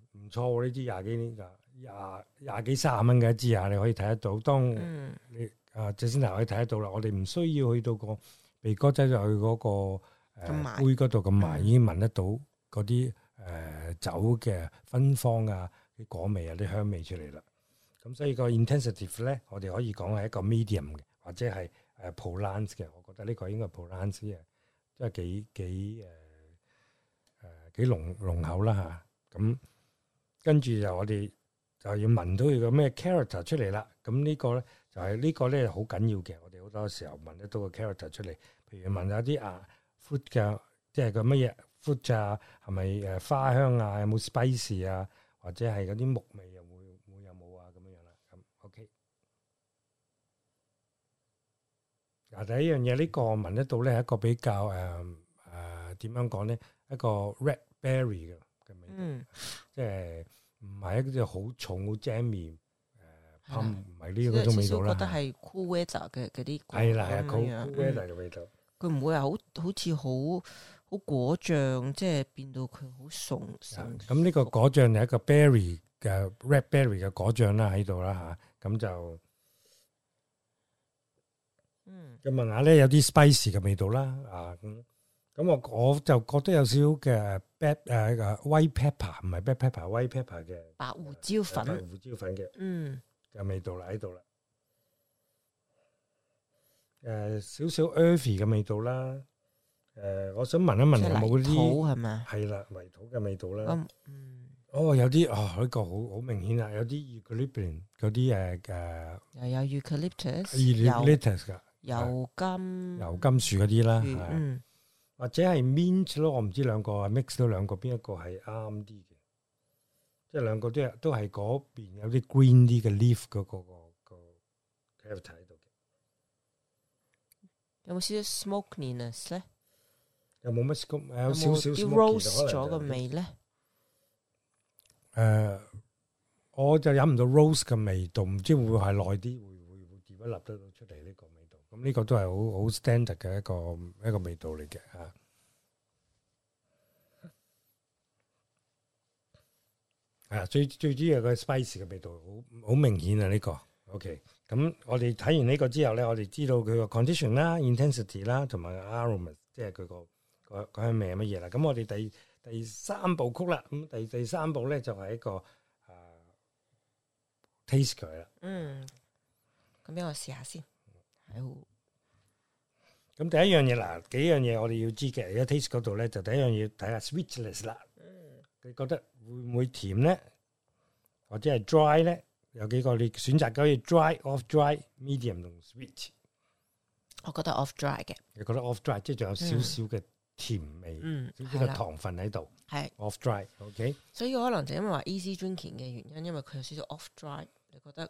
唔錯喎，呢支廿幾年噶，廿廿幾卅蚊嘅一支啊！你可以睇得到，當你、嗯、啊 Jacinda 可以睇得到啦。我哋唔需要去到個鼻哥仔就去嗰、嗰個、呃、麥杯嗰度咁埋，已經聞得到嗰啲誒酒嘅芬芳啊、啲果味啊、啲香味出嚟啦。咁、嗯、所以個 intensity 咧，我哋可以講係一個 medium 嘅，或者係誒 pronounced 嘅。我覺得呢個應該係 pronounced 嘅，即係幾幾誒誒幾濃濃厚啦嚇咁。跟住就我哋就係要聞到佢個咩 character 出嚟啦，咁呢個咧就係呢個咧好緊要嘅，我哋好多時候聞得到個 character 出嚟，譬如聞下啲啊 fruit 嘅，即係個乜嘢 fruit 啊，係咪誒花香啊，有冇 spice 啊，或者係嗰啲木味又冇冇有冇啊咁樣樣啦，咁 OK。嗱，第一樣嘢呢個聞得到咧係一個比較誒誒點樣講咧，一個 red berry 嘅。嗯，即係唔係一啲好重好 jammy 誒，唔係呢嗰種味道啦。我覺得係 cool weather 嘅嗰啲係啦，係 cool weather 嘅味道。佢唔會係好好似好好果醬，即係變到佢好鬆。咁呢個果醬就係一個 berry 嘅 red berry 嘅果醬啦喺度啦吓，咁就嗯，咁問下咧有啲 spicy 嘅味道啦啊咁，咁我我就覺得有少少嘅。白誒一個 white pepper，唔係白 pepper，white pepper 嘅白胡椒粉，白胡椒粉嘅，嗯嘅味道啦喺度啦，誒少少 earthy 嘅味道啦，誒我想聞一聞有冇嗰啲土係咪啊？係啦，泥土嘅味道啦，嗯，哦有啲哦，呢個好好明顯啊，有啲 eucalyptus 嗰啲誒誒，又有 eucalyptus，eucalyptus 噶，油金油金樹嗰啲啦，嗯。或者係 mint 咯，我唔知兩個 mix 到兩個邊一個係啱啲嘅，即係兩個都都係嗰邊有啲 green 啲嘅 leaf 嗰個個 character 喺度嘅。有冇少少 smokiness 咧？有冇乜有少少 rose 咗個味咧？誒，我就飲唔到 rose 嘅味道，唔知會唔會係耐啲，會會會點樣立得到出嚟呢個？咁呢個都係好好 standard 嘅一個一個，一個味道嚟嘅吓，啊最最主要個 spice 嘅味道好好、這個、明顯啊！呢、這個 OK，咁、嗯、我哋睇完呢個之後咧，我哋知道佢個 condition 啦、intensity 啦，同埋 aroma，即係佢個佢係咩乜嘢啦。咁我哋第第三部曲啦，咁第第三部咧就係一個誒、呃、taste 佢啦。嗯，咁俾我試下先。咁第一樣嘢啦，幾樣嘢我哋要知嘅而家 taste 嗰度咧，就第一樣嘢睇下 sweetness 啦。嗯，你覺得會唔會甜咧？或者係 dry 咧？有幾個你選擇嗰啲 dry、off dry、medium 同 sweet。我覺得 off dry 嘅。你覺得 off dry 即係仲有少少嘅甜味？嗯，少少嘅糖分喺度。係。off dry，OK。所以可能就因為話 easy drinking 嘅原因，因為佢有少少 off dry，你覺得？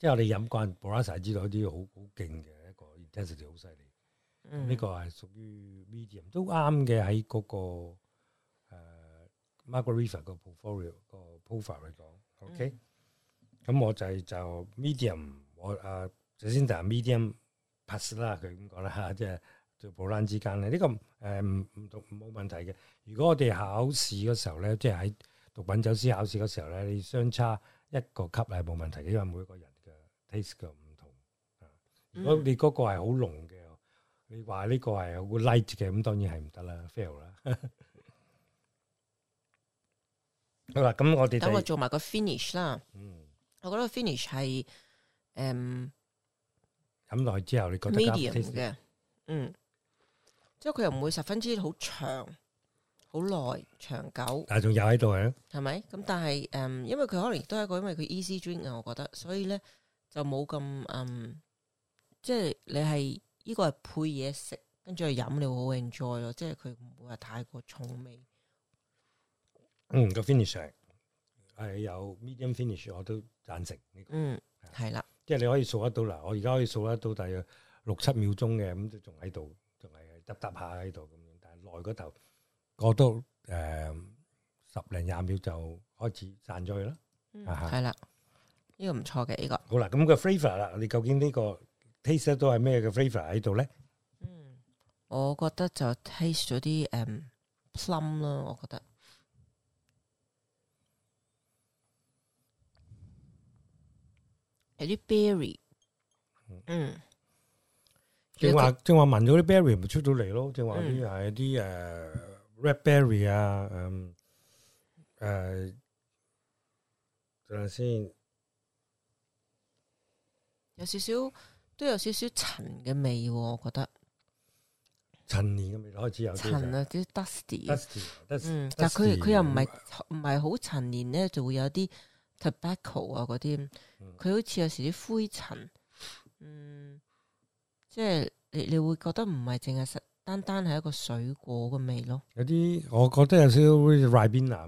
即係我哋飲慣 Barossa 知道有啲好好勁嘅一個 intensity 好犀利，呢、嗯、個係屬於 medium 都啱嘅喺嗰個、呃、Margaret River 個 portfolio 個 profile 嚟講 OK。咁、嗯嗯嗯、我就係、是、就 medium，我啊首先就係 medium plus 啦，佢咁講啦嚇，即係同 Barossa 之間咧呢、這個誒唔唔讀冇問題嘅。如果我哋考試嗰時候咧，即係喺讀品酒師考試嗰時候咧，你相差一個級係冇問題嘅，因為每一個人。taste 嘅唔同啊！如果你嗰個係好濃嘅，你話呢個係好 light 嘅，咁當然係唔得啦，fail 啦。好啦，咁我哋等我做埋個 finish 啦。嗯，我覺得個 finish 係誒，飲耐之後你覺得 medium 嘅，嗯，即係佢又唔會十分之好長，好耐長久。但係仲有喺度啊，係咪？咁但係誒，因為佢可能亦都係一個因為佢 easy drink 啊，我覺得，所以咧。就冇咁嗯，即係你係呢個係配嘢食，跟住係飲，你會好 enjoy 咯，即係佢唔會話太過重味。嗯，個 finish 係有 medium finish，我都贊成呢個。嗯，係啦，即係你可以數得到啦，我而家可以數得到大約六七秒鐘嘅，咁都仲喺度，仲係耷耷下喺度咁樣，但係耐嗰頭我都誒十零廿秒就開始散咗去啦。嗯，係啦。呢個唔錯嘅呢個。好啦，咁個 flavour 啦，你究竟呢個 taste 都係咩嘅 flavour 喺度咧？嗯，我覺得就 taste 咗啲誒 plum 咯，我覺得有啲 berry。嗯。正話正話聞咗啲 berry 咪出到嚟咯，正話啲係啲誒 raspberry 啊，嗯誒，等陣先？有少少都有少少塵嘅味，我覺得陳年嘅味開始有。塵啊，啲 dusty 料。嗯，料但係佢佢又唔係唔係好陳年咧，就會有啲 tobacco 啊嗰啲，佢、嗯、好似有時啲灰塵，嗯，嗯，即係你你會覺得唔係淨係單單係一個水果嘅味咯。有啲我覺得有少少 ribena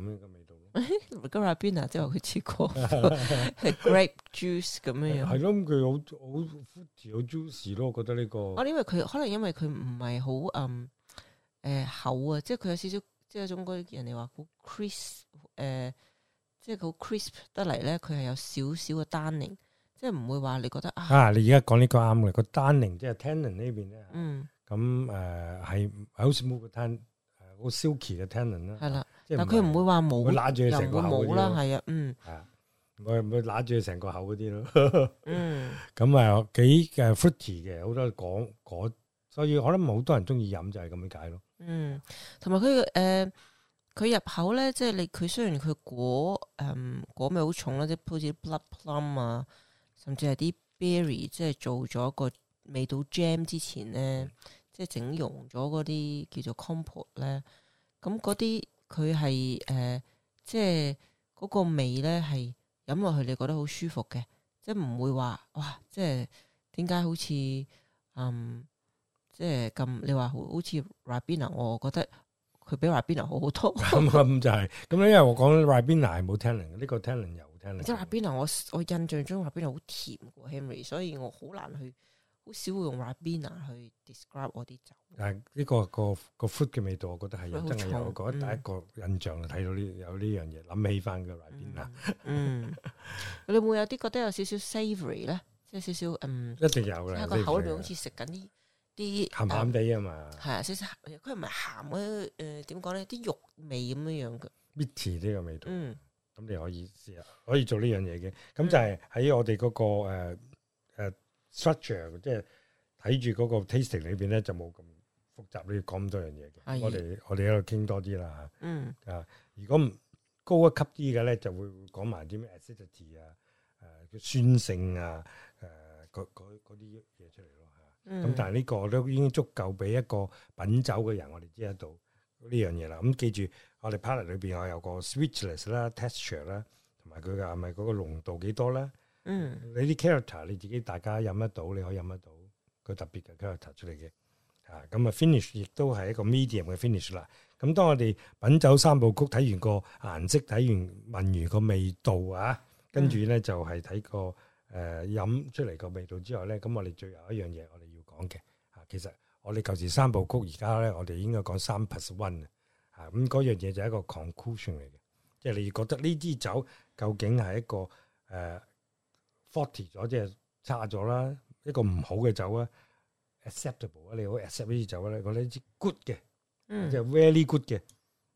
嗰阿邊啊，即係佢切過係 grape juice 咁樣樣，係咯、 就是，佢好好好 juicy 咯，覺得呢、呢個。我因為佢可能因為佢唔係好嗯誒、呃、厚啊，即係佢有少少即係一種人哋話好 crisp 誒，即係好 crisp 得、呃、嚟咧，佢係有少少嘅單寧，即係唔會話你覺得啊，啊。你而家講呢個啱嘅，個單寧即係 tannin 呢邊咧，嗯，咁誒係好 smooth 嘅 tannin 好 silky 嘅 tannin 啦，係啦，但佢唔會話冇，佢又冇啦，係啊，嗯，係啊，我又唔會揦住佢成個口嗰啲咯， 嗯，咁啊幾嘅 fruity 嘅，好多果果，所以可能好多人中意飲就係咁樣解咯，嗯，同埋佢誒，佢入口咧，即係你佢雖然佢果誒果味好重啦，即係好似啲 blood plum 啊，甚至係啲 berry，即係做咗個味道 jam 之前咧。嗯即係整容咗嗰啲叫做 compound 咧，咁嗰啲佢係誒，即係嗰個味咧，係飲落去你覺得好舒服嘅，即係唔會話哇，即係點解好似嗯，即係咁你話好似 Rabina，我覺得佢比 Rabina 好好多、 嗯。咁就係咁咧，因為我講 Rabina 係冇 telling 嘅，呢個 telling 有 telling。即係 Rabina，我我印象中 Rabina 好甜嘅 Henry，所以我好難去。好少會用 Rabina 去 describe 我啲酒，但係呢個個個 food 嘅味道，我覺得係真係有嗰一第一個印象，就睇到呢有呢樣嘢諗起翻嘅 Rabina。嗯，你會有啲覺得有少少 savory 咧，即係少少嗯，一定有嘅，因為個口裏好似食緊啲啲鹹鹹地啊嘛，係啊，少少鹹，佢唔係鹹喎，誒點講咧，啲肉味咁樣樣嘅，meaty 呢個味道。嗯，咁你可以試下，可以做呢樣嘢嘅。咁就係喺我哋嗰個誒誒。Structure 即係睇住嗰個 tasting 裏邊咧，就冇咁複雜你要講咁多樣嘢嘅。啊、我哋們我哋喺度傾多啲啦嚇。嗯啊，如果高一級啲嘅咧，就會講埋啲咩 acidity 啊，誒、啊、酸性啊，誒嗰啲嘢出嚟咯嚇。咁、嗯、但係呢個都已經足夠俾一個品酒嘅人，我哋知得到呢樣嘢啦。咁、嗯嗯、記住，我哋 palate 裏邊我有個 sweetness 啦，texture 啦，同埋佢嘅係咪嗰個濃度幾多啦？嗯，你啲 character 你自己大家飲得到，你可以飲得到個特別嘅 character 出嚟嘅，啊咁啊 finish 亦都係一個 medium 嘅 finish 啦。咁當我哋品酒三部曲睇完個顏色，睇完聞完個味道啊，啊跟住咧就係睇個誒飲出嚟個味道之外咧，咁我哋最後一樣嘢我哋要講嘅啊，其實我哋舊時三部曲而家咧我哋應該講三 plus one 啊，咁嗰樣嘢就係一個 conclusion 嚟嘅，即係你覺得呢支酒究竟係一個誒。呃 Forty 咗即係差咗啦，一個唔好嘅酒啊、嗯、acceptable accept 酒、嗯、啊，你好 acceptable 啲酒咧，我覺得呢支 good 嘅，即係 very good 嘅，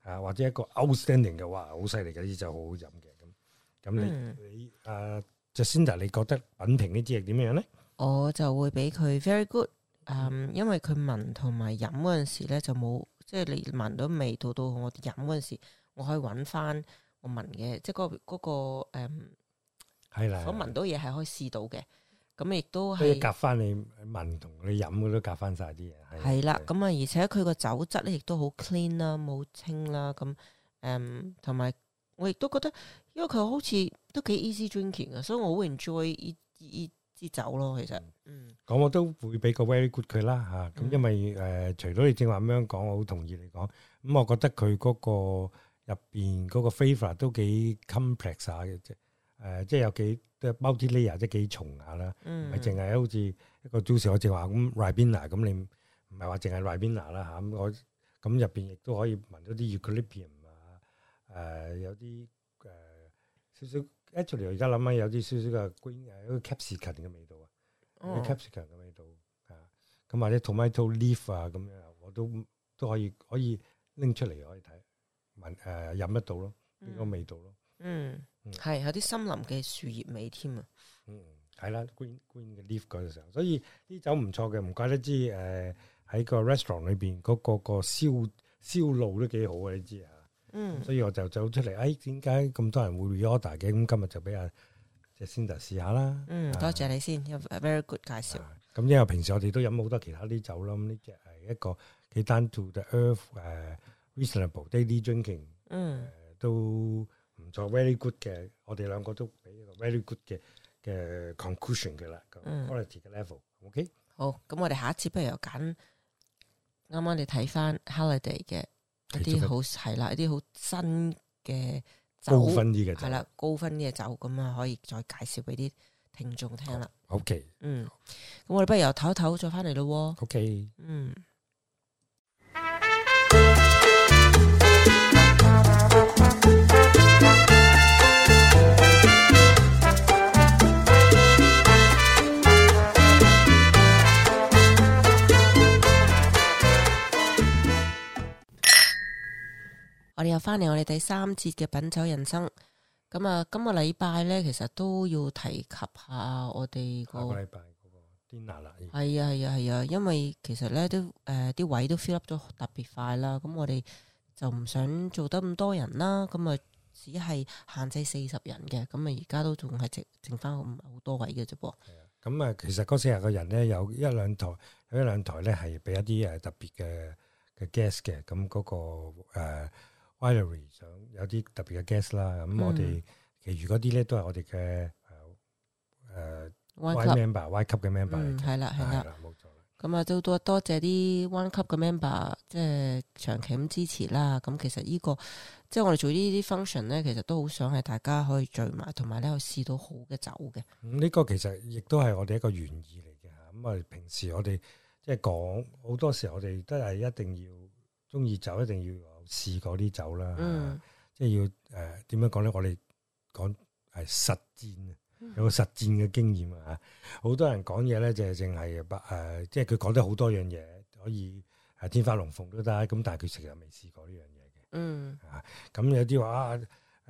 啊或者一個 outstanding 嘅，哇好犀利嘅呢啲酒好好飲嘅咁，咁你、嗯、你啊 Jacinda 你覺得品評呢啲嘢點樣咧？我就會俾佢 very good，嗯，因為佢聞同埋飲嗰陣時咧就冇，即係你聞到味道到我飲嗰陣時，我可以揾翻我聞嘅，即係嗰嗰個、那個那個嗯係啦，所聞到嘢係可以試到嘅，咁亦都係夾翻你聞同你飲嘅都夾翻晒啲嘢。係啦的，咁啊的，而且佢個酒質咧亦都好 clean 啦，冇 清啦，咁誒同埋我亦都覺得，因為佢好似都幾 easy drinking 啊，所以我好 enjoy 依依支酒咯，嗯、其實嗯、呃。嗯，講我都會畀個 very good 佢啦嚇，咁因為誒，除咗你正話咁樣講，我好同意你講，咁我覺得佢嗰個入邊嗰個 flavour 都幾 complex 下嘅啫。誒、呃，即係有幾有、er, 即 multi-layer 即係幾重下、啊、啦，唔係淨係好似一個主持我淨話咁 Ribena 咁你唔係話淨係 Ribena 啦、啊、咁我咁入邊亦都可以聞到啲 eucalyptus 啊，誒有啲誒少少 actually 而家諗啊，有啲、呃、少少嘅 green、哦、啊，個 capsicum 嘅味道啊，啲 capsicum 嘅味道啊。咁或者 tomato leaf 啊咁樣，我都都可以可以拎出嚟可以睇聞誒、呃、飲得到咯，呢、這個味道咯。嗯嗯，係有啲森林嘅樹葉味添啊，嗯，係啦，green green 嘅 leaf 嗰個時候，所以啲酒唔錯嘅，唔怪得知誒喺個 restaurant 裏邊嗰個個燒燒爐都幾好啊，你知啊，嗯，所以我就走出嚟，哎，點解咁多人會 reorder 嘅？咁今日就俾阿 Jacinda 試下啦，嗯，多謝你先，有 very good 介紹，咁因為平時我哋都飲好多其他啲酒啦，咁呢只係一個 down to the earth，誒 reasonable daily drinking，嗯，都。做 very good 嘅，我哋兩個都俾一個 very good 嘅嘅 conclusion 嘅啦，quality 嘅 level，OK。好，咁我哋下一次不如又揀，啱啱你睇翻 Halliday 嘅一啲好係啦，一啲好新嘅酒分啲嘅係啦，高分啲嘅酒，咁啊可以再介紹俾啲聽眾聽啦。OK。嗯，咁我哋不如又唞一唞再翻嚟咯。OK。嗯。我哋又翻嚟，我哋第三節嘅品酒人生。咁啊，今個禮拜咧，其實都要提及下我哋下個禮拜嗰個 dinner 啦。係啊，係啊，係啊，啊，因為其實咧都誒啲、呃、位都 fill up 咗特別快啦。咁我哋就唔想做得咁多人啦。咁啊，只係限制四十人嘅。咁啊，而家都仲係剩剩翻好多位嘅啫噃。係啊。咁啊，其實嗰四十個人咧，有一兩台有一兩台咧係俾一啲誒特別嘅嘅 guest 嘅。咁嗰、嗰個誒。呃 winery 上有啲特別嘅 guest 啦，咁、嗯嗯、我哋其餘嗰啲咧都係我哋嘅誒 wine member、wine 級嘅 member，係啦，係啦，冇錯。咁啊，都多多謝啲 one 級嘅 member，即係長期咁支持啦。咁、嗯嗯、其實、這個就是、呢個即係我哋做呢啲 function 咧，其實都好想係大家可以聚埋，同埋咧可以試到好嘅酒嘅、嗯。呢、這個其實亦都係我哋一個原意嚟嘅吓。咁、嗯、啊，平時我哋即係講好多時候，我哋都係一定要中意酒，一定要。試過啲酒啦，嗯、即係要誒點、呃、樣講咧？我哋講係實戰，嗯、有個實戰嘅經驗啊！好多人講嘢咧，就淨係白誒，即係佢講得好多樣嘢，可以誒天花龍鳳都得咁，但係佢成日未試過呢樣嘢嘅。嗯咁、啊、有啲話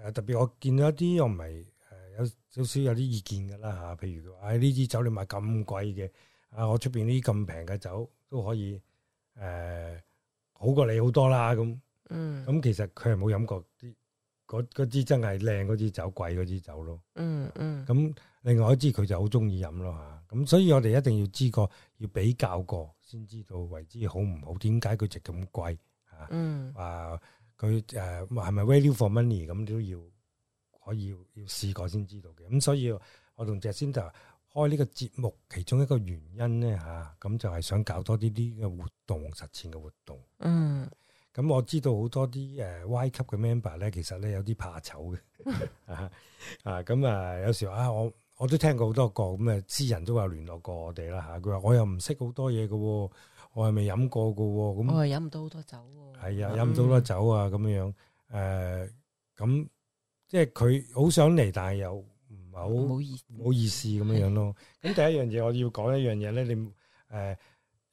啊，特別我見到一啲又唔係誒有少少有啲意見噶啦吓，譬如佢話呢支酒你買咁貴嘅，啊我出邊呢啲咁平嘅酒都可以誒、呃、好過你好多啦咁。啊嗯，咁其實佢係冇飲過啲，嗰支真係靚嗰支酒，貴嗰支酒咯。嗯嗯。咁、嗯啊、另外一支佢就好中意飲咯吓，咁、啊、所以我哋一定要知過，要比較過，先知道為之好唔好，點解佢值咁貴吓。嗯。啊，佢誒、嗯，係咪、啊呃、value for money 咁都要，可以要試過先知道嘅。咁、啊、所以我同 Jacinda 就開呢個節目，其中一個原因咧吓，咁、啊、就係想搞多啲啲嘅活動，實踐嘅活動。嗯。咁我知道好多啲誒 Y 級嘅 member 咧，其實咧有啲怕醜嘅啊啊！咁啊有時候啊，我我都聽過好多個咁嘅私人都有聯絡過我哋啦嚇。佢、啊、話我又唔識好多嘢嘅，我係未飲過嘅，咁我係飲唔到好多酒喎。係啊，飲唔到好多酒啊，咁、嗯、樣誒，咁、呃、即係佢好想嚟，但係又唔係好唔好意思咁樣樣咯。咁的第一樣嘢我要講一樣嘢咧，你誒、呃、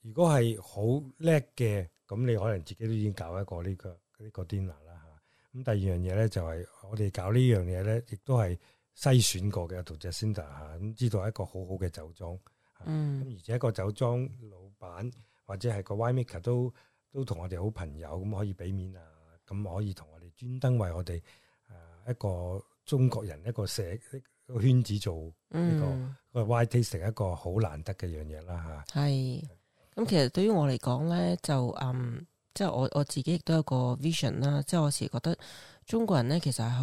如果係好叻嘅。嗯咁你可能自己都已經搞一個呢、這個呢、這個 dinner 啦嚇。咁、啊、第二樣嘢咧就係、是、我哋搞呢樣嘢咧，亦都係篩選過嘅同 Jacinda 嚇，咁、啊、知道一個好好嘅酒莊。啊、嗯、啊。咁而且一個酒莊老闆或者係個 winemaker 都都同我哋好朋友，咁可以俾面啊，咁可以同我哋專登為我哋誒、呃、一個中國人一個社一個圈子做呢、嗯、個個 wine tasting 一個好難得嘅樣嘢啦嚇。係、啊。咁、嗯、其實對於我嚟講咧，就嗯，即係我我自己亦都有一個 vision 啦。即係我時覺得中國人咧，其實好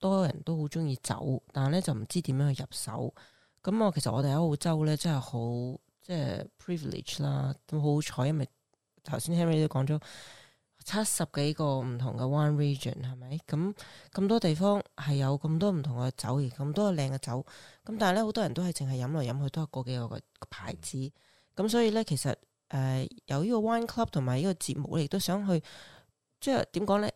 多人都好中意酒，但係咧就唔知點樣去入手。咁、嗯、我其實我哋喺澳洲咧，真係好即係 privilege 啦，咁好彩，因為頭先 Henry 都講咗七十幾個唔同嘅 one region 係咪？咁、嗯、咁多地方係有咁多唔同嘅酒，而咁多靚嘅酒。咁但係咧，好多人都係淨係飲嚟飲去，都係嗰幾個個牌子。咁、嗯、所以咧，其實誒、呃、有呢個 wine club 同埋呢個節目，我哋都想去，即係點講咧？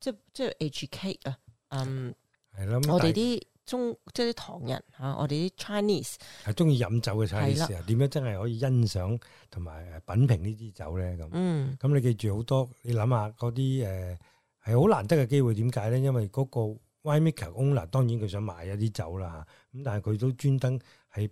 即即係 educate 啊，嗯，係啦是、啊。我哋啲中即係啲唐人嚇，我哋啲 Chinese 係中意飲酒嘅 Chinese 啊，點樣真係可以欣賞同埋品評呢啲酒咧？咁嗯，咁你記住好多，你諗下嗰啲誒係好難得嘅機會，點解咧？因為嗰個 wine maker owner 當然佢想賣一啲酒啦，咁，但係佢都專登係。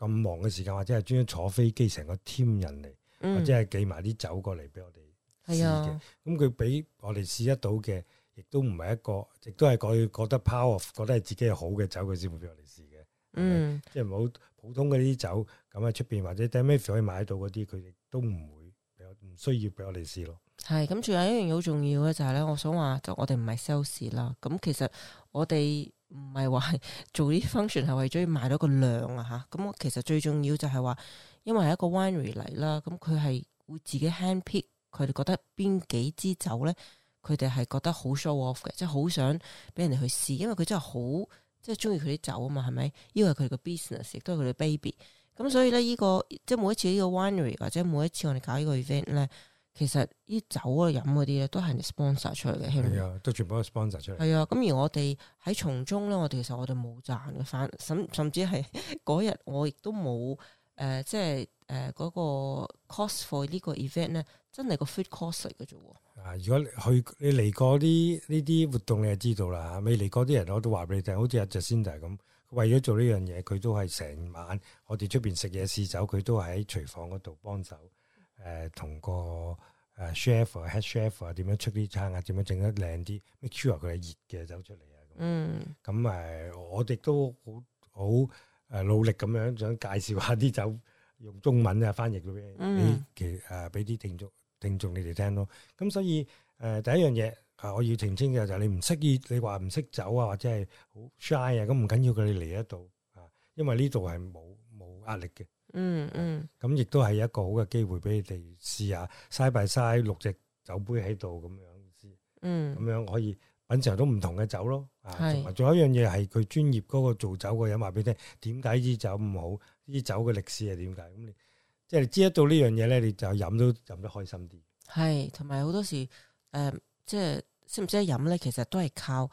咁忙嘅時間，或者係專登坐飛機成個 team 人嚟，嗯、或者係寄埋啲酒過嚟俾我哋試嘅。咁佢俾我哋試得到嘅，亦都唔係一個，亦都係佢覺得 power，of, 覺得係自己係好嘅酒，佢先會俾我哋試嘅。嗯，即係冇普通嗰啲酒咁喺出邊或者 Dan Murphy's 可以買到嗰啲，佢亦都唔會，唔需要俾我哋試咯。係，咁仲有一樣嘢好重要嘅就係咧，我想話，就是、我哋唔係 sales 啦。咁其實我哋。唔係話係做啲 function 係為咗要賣到個量啊吓，咁其實最重要就係話，因為係一個 winery 嚟啦，咁佢係會自己 handpick，佢哋覺得邊幾支酒咧，佢哋係覺得好 show off 嘅，即係好想俾人哋去試，因為佢真係好即係中意佢啲酒啊嘛，係咪？呢個係佢哋嘅 business，亦都係佢哋 baby，咁所以咧，呢個即係每一次呢個 winery 或者每一次我哋搞呢個 event 咧。其實呢酒啊飲嗰啲咧都係 sponsor 出嚟嘅，係啊？都全部都 sponsor 出嚟。係啊，咁而我哋喺從中咧，我哋其實我哋冇賺嘅，反甚甚至係嗰日我亦都冇誒，即係誒嗰個 cost for 呢個 event 咧，真係個 food cost 嚟嘅啫喎。啊！如果去你嚟過啲呢啲活動，你就知道啦。未嚟過啲人，我都話俾你聽，好似阿 J 先就係咁，為咗做呢樣嘢，佢都係成晚我哋出邊食嘢試酒，佢都喺廚房嗰度幫手。誒同、呃、個誒 chef head chef 啊，點樣出啲餐啊？點樣整得靚啲？Make sure 佢係熱嘅走出嚟啊！咁咁誒，我哋都好好誒努力咁樣想介紹一下啲酒，用中文啊翻譯到俾其誒俾啲聽眾聽眾你哋聽咯。咁、嗯嗯、所以誒、呃、第一樣嘢啊，我要澄清嘅就係你唔識意，你話唔識酒啊，或者係好 shy 啊，咁唔緊要，佢哋嚟得到啊，因為呢度係冇冇壓力嘅。嗯嗯，咁亦都係一個好嘅機會俾你哋試下，嘥埋嘥六隻酒杯喺度咁樣，嗯，咁樣可以品嘗到唔同嘅酒咯。係，同埋仲有一樣嘢，係佢專業嗰個做酒嘅人話俾你聽，點解呢啲酒唔好？呢啲酒嘅歷史係點解？咁你即係你知得到呢樣嘢咧，你就飲都飲得開心啲。係，同埋好多時誒、呃，即係識唔識得飲咧，其實都係靠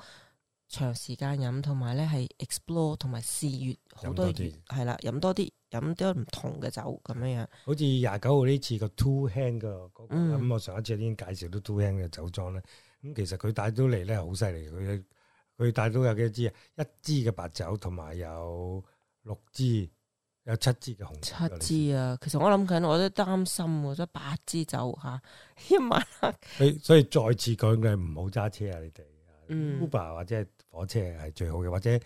長時間飲，同埋咧係 explore 同埋試月好多係啦，飲多啲。飲啲唔同嘅酒咁樣樣，好似廿九號呢次個 Two Hands 嘅嗰個，咁、嗯、我上一次已經介紹到 Two Hands 嘅酒莊咧。咁其實佢帶到嚟咧，好犀利。佢佢帶咗有幾支啊？一支嘅白酒，同埋有六支，有七支嘅紅。七支啊！看其實我諗緊，我都擔心，我咗八支酒吓，一晚黑。所 以所以再次講嘅唔好揸車啊，你哋，Uber、嗯、或者係火車係最好嘅，或者誒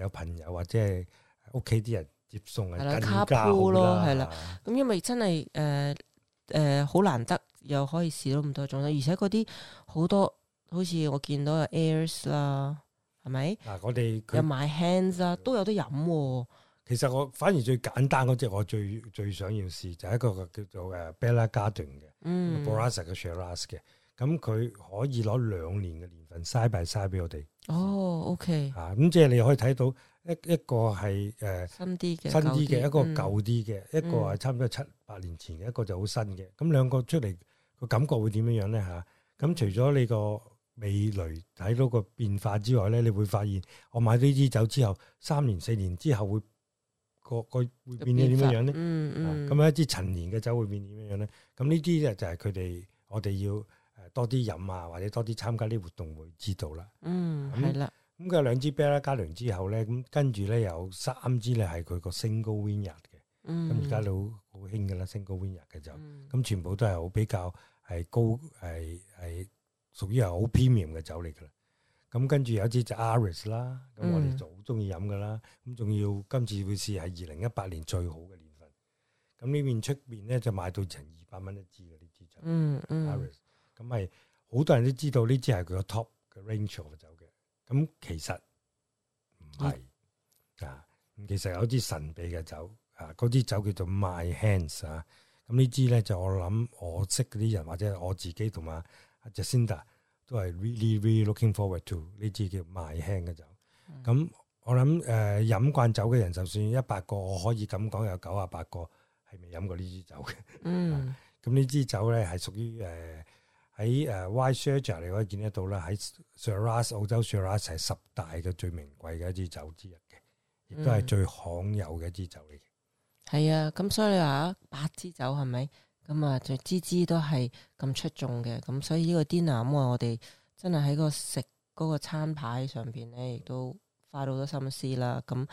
有朋友或者係屋企啲人。係啦，卡布咯，係啦。咁因為真係，誒誒，好難得又可以試到咁多種啦。而且嗰啲好多，好似我見到嘅 Airs 啦，係咪？嗱，我哋有 Two Hands 啦，都有得飲。其實我反而最簡單嗰隻，我最最想要試就係一個叫做誒 Bella Garden 嘅，Barossa 嘅 Shiraz 嘅。咁佢可以攞兩年嘅年份晒白晒俾我哋。哦，OK。啊，咁即係你可以睇到。一一個係誒新啲嘅，新啲嘅一個舊啲嘅，嗯、一個係差唔多七八年前嘅，嗯、一個就好新嘅。咁兩個出嚟個感覺會點樣樣咧嚇？咁、啊、除咗你個味蕾睇到個變化之外咧，你會發現我買咗呢支酒之後，三年四年之後會個個會變咗點樣樣咧？咁樣、嗯嗯啊、一支陳年嘅酒會變呢、啊、們們點樣樣咧？咁呢啲咧就係佢哋我哋要誒多啲飲啊，或者多啲參加啲活動會知道啦。嗯，係啦。咁佢、嗯、有兩支啤啦，加完之後咧，咁跟住咧有三支咧係佢個 single win 日嘅，咁而家都好興嘅啦，l e win 日嘅酒，咁、嗯、全部都係好比較係高係係屬於係好 premium 嘅酒嚟嘅啦。咁跟住有支就 a r i s 啦、嗯，咁我哋就好中意飲嘅啦。咁仲要今次會試係二零一八年最好嘅年份。咁呢邊出邊咧就買到成二百蚊一支嘅呢支酒，嗯，嗯 s 咁係好多人都知道呢支係佢個 top 嘅 range 酒。咁其實唔係啊，咁其實有支神秘嘅酒啊，嗰支酒叫做 Two Hands 啊。咁呢支咧就我諗我識嗰啲人或者我自己同埋 Jacinda 都係 really really looking forward to 呢支叫 Two Hands 嘅酒。咁、嗯、我諗誒、呃、飲慣酒嘅人，就算一百個，我可以咁講有九啊八個係未飲過呢支酒嘅。嗯，咁呢支酒咧係屬於誒。呃喺誒 Ysearch 你可以見得到啦，喺、uh, Sulartz、right、澳洲 Sulartz 係十大嘅最名貴嘅一支酒之一嘅，亦都係最罕有嘅一支酒嚟嘅。係、嗯、啊，咁所以你話八支酒係咪咁啊？就支支都係咁出眾嘅，咁所以呢個 dinner 啊，我哋真係喺個食嗰個餐牌上邊咧，亦都花到好多心思啦。咁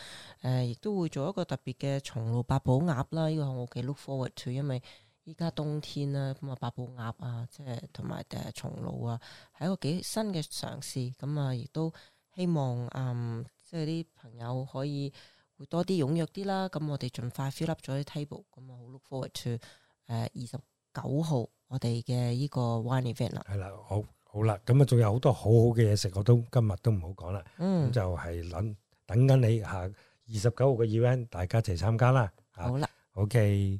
誒，亦、呃、都會做一個特別嘅松露八寶鴨啦。呢、這個我幾 look forward to，因為。依家冬天啦，咁啊八寶鴨啊，即係同埋誒松露啊，係一個幾新嘅嘗試，咁啊亦都希望嗯，即係啲朋友可以會多啲踴躍啲啦，咁我哋盡快 fill up 咗啲 table，咁啊好 look forward to 誒二十九號我哋嘅呢個 wine event 啦，係啦，好好啦，咁啊仲有好多好好嘅嘢食，我都今日都唔好講啦，咁就係等等緊你下二十九號嘅 event，大家一齊參加啦，啊、好啦了，OK。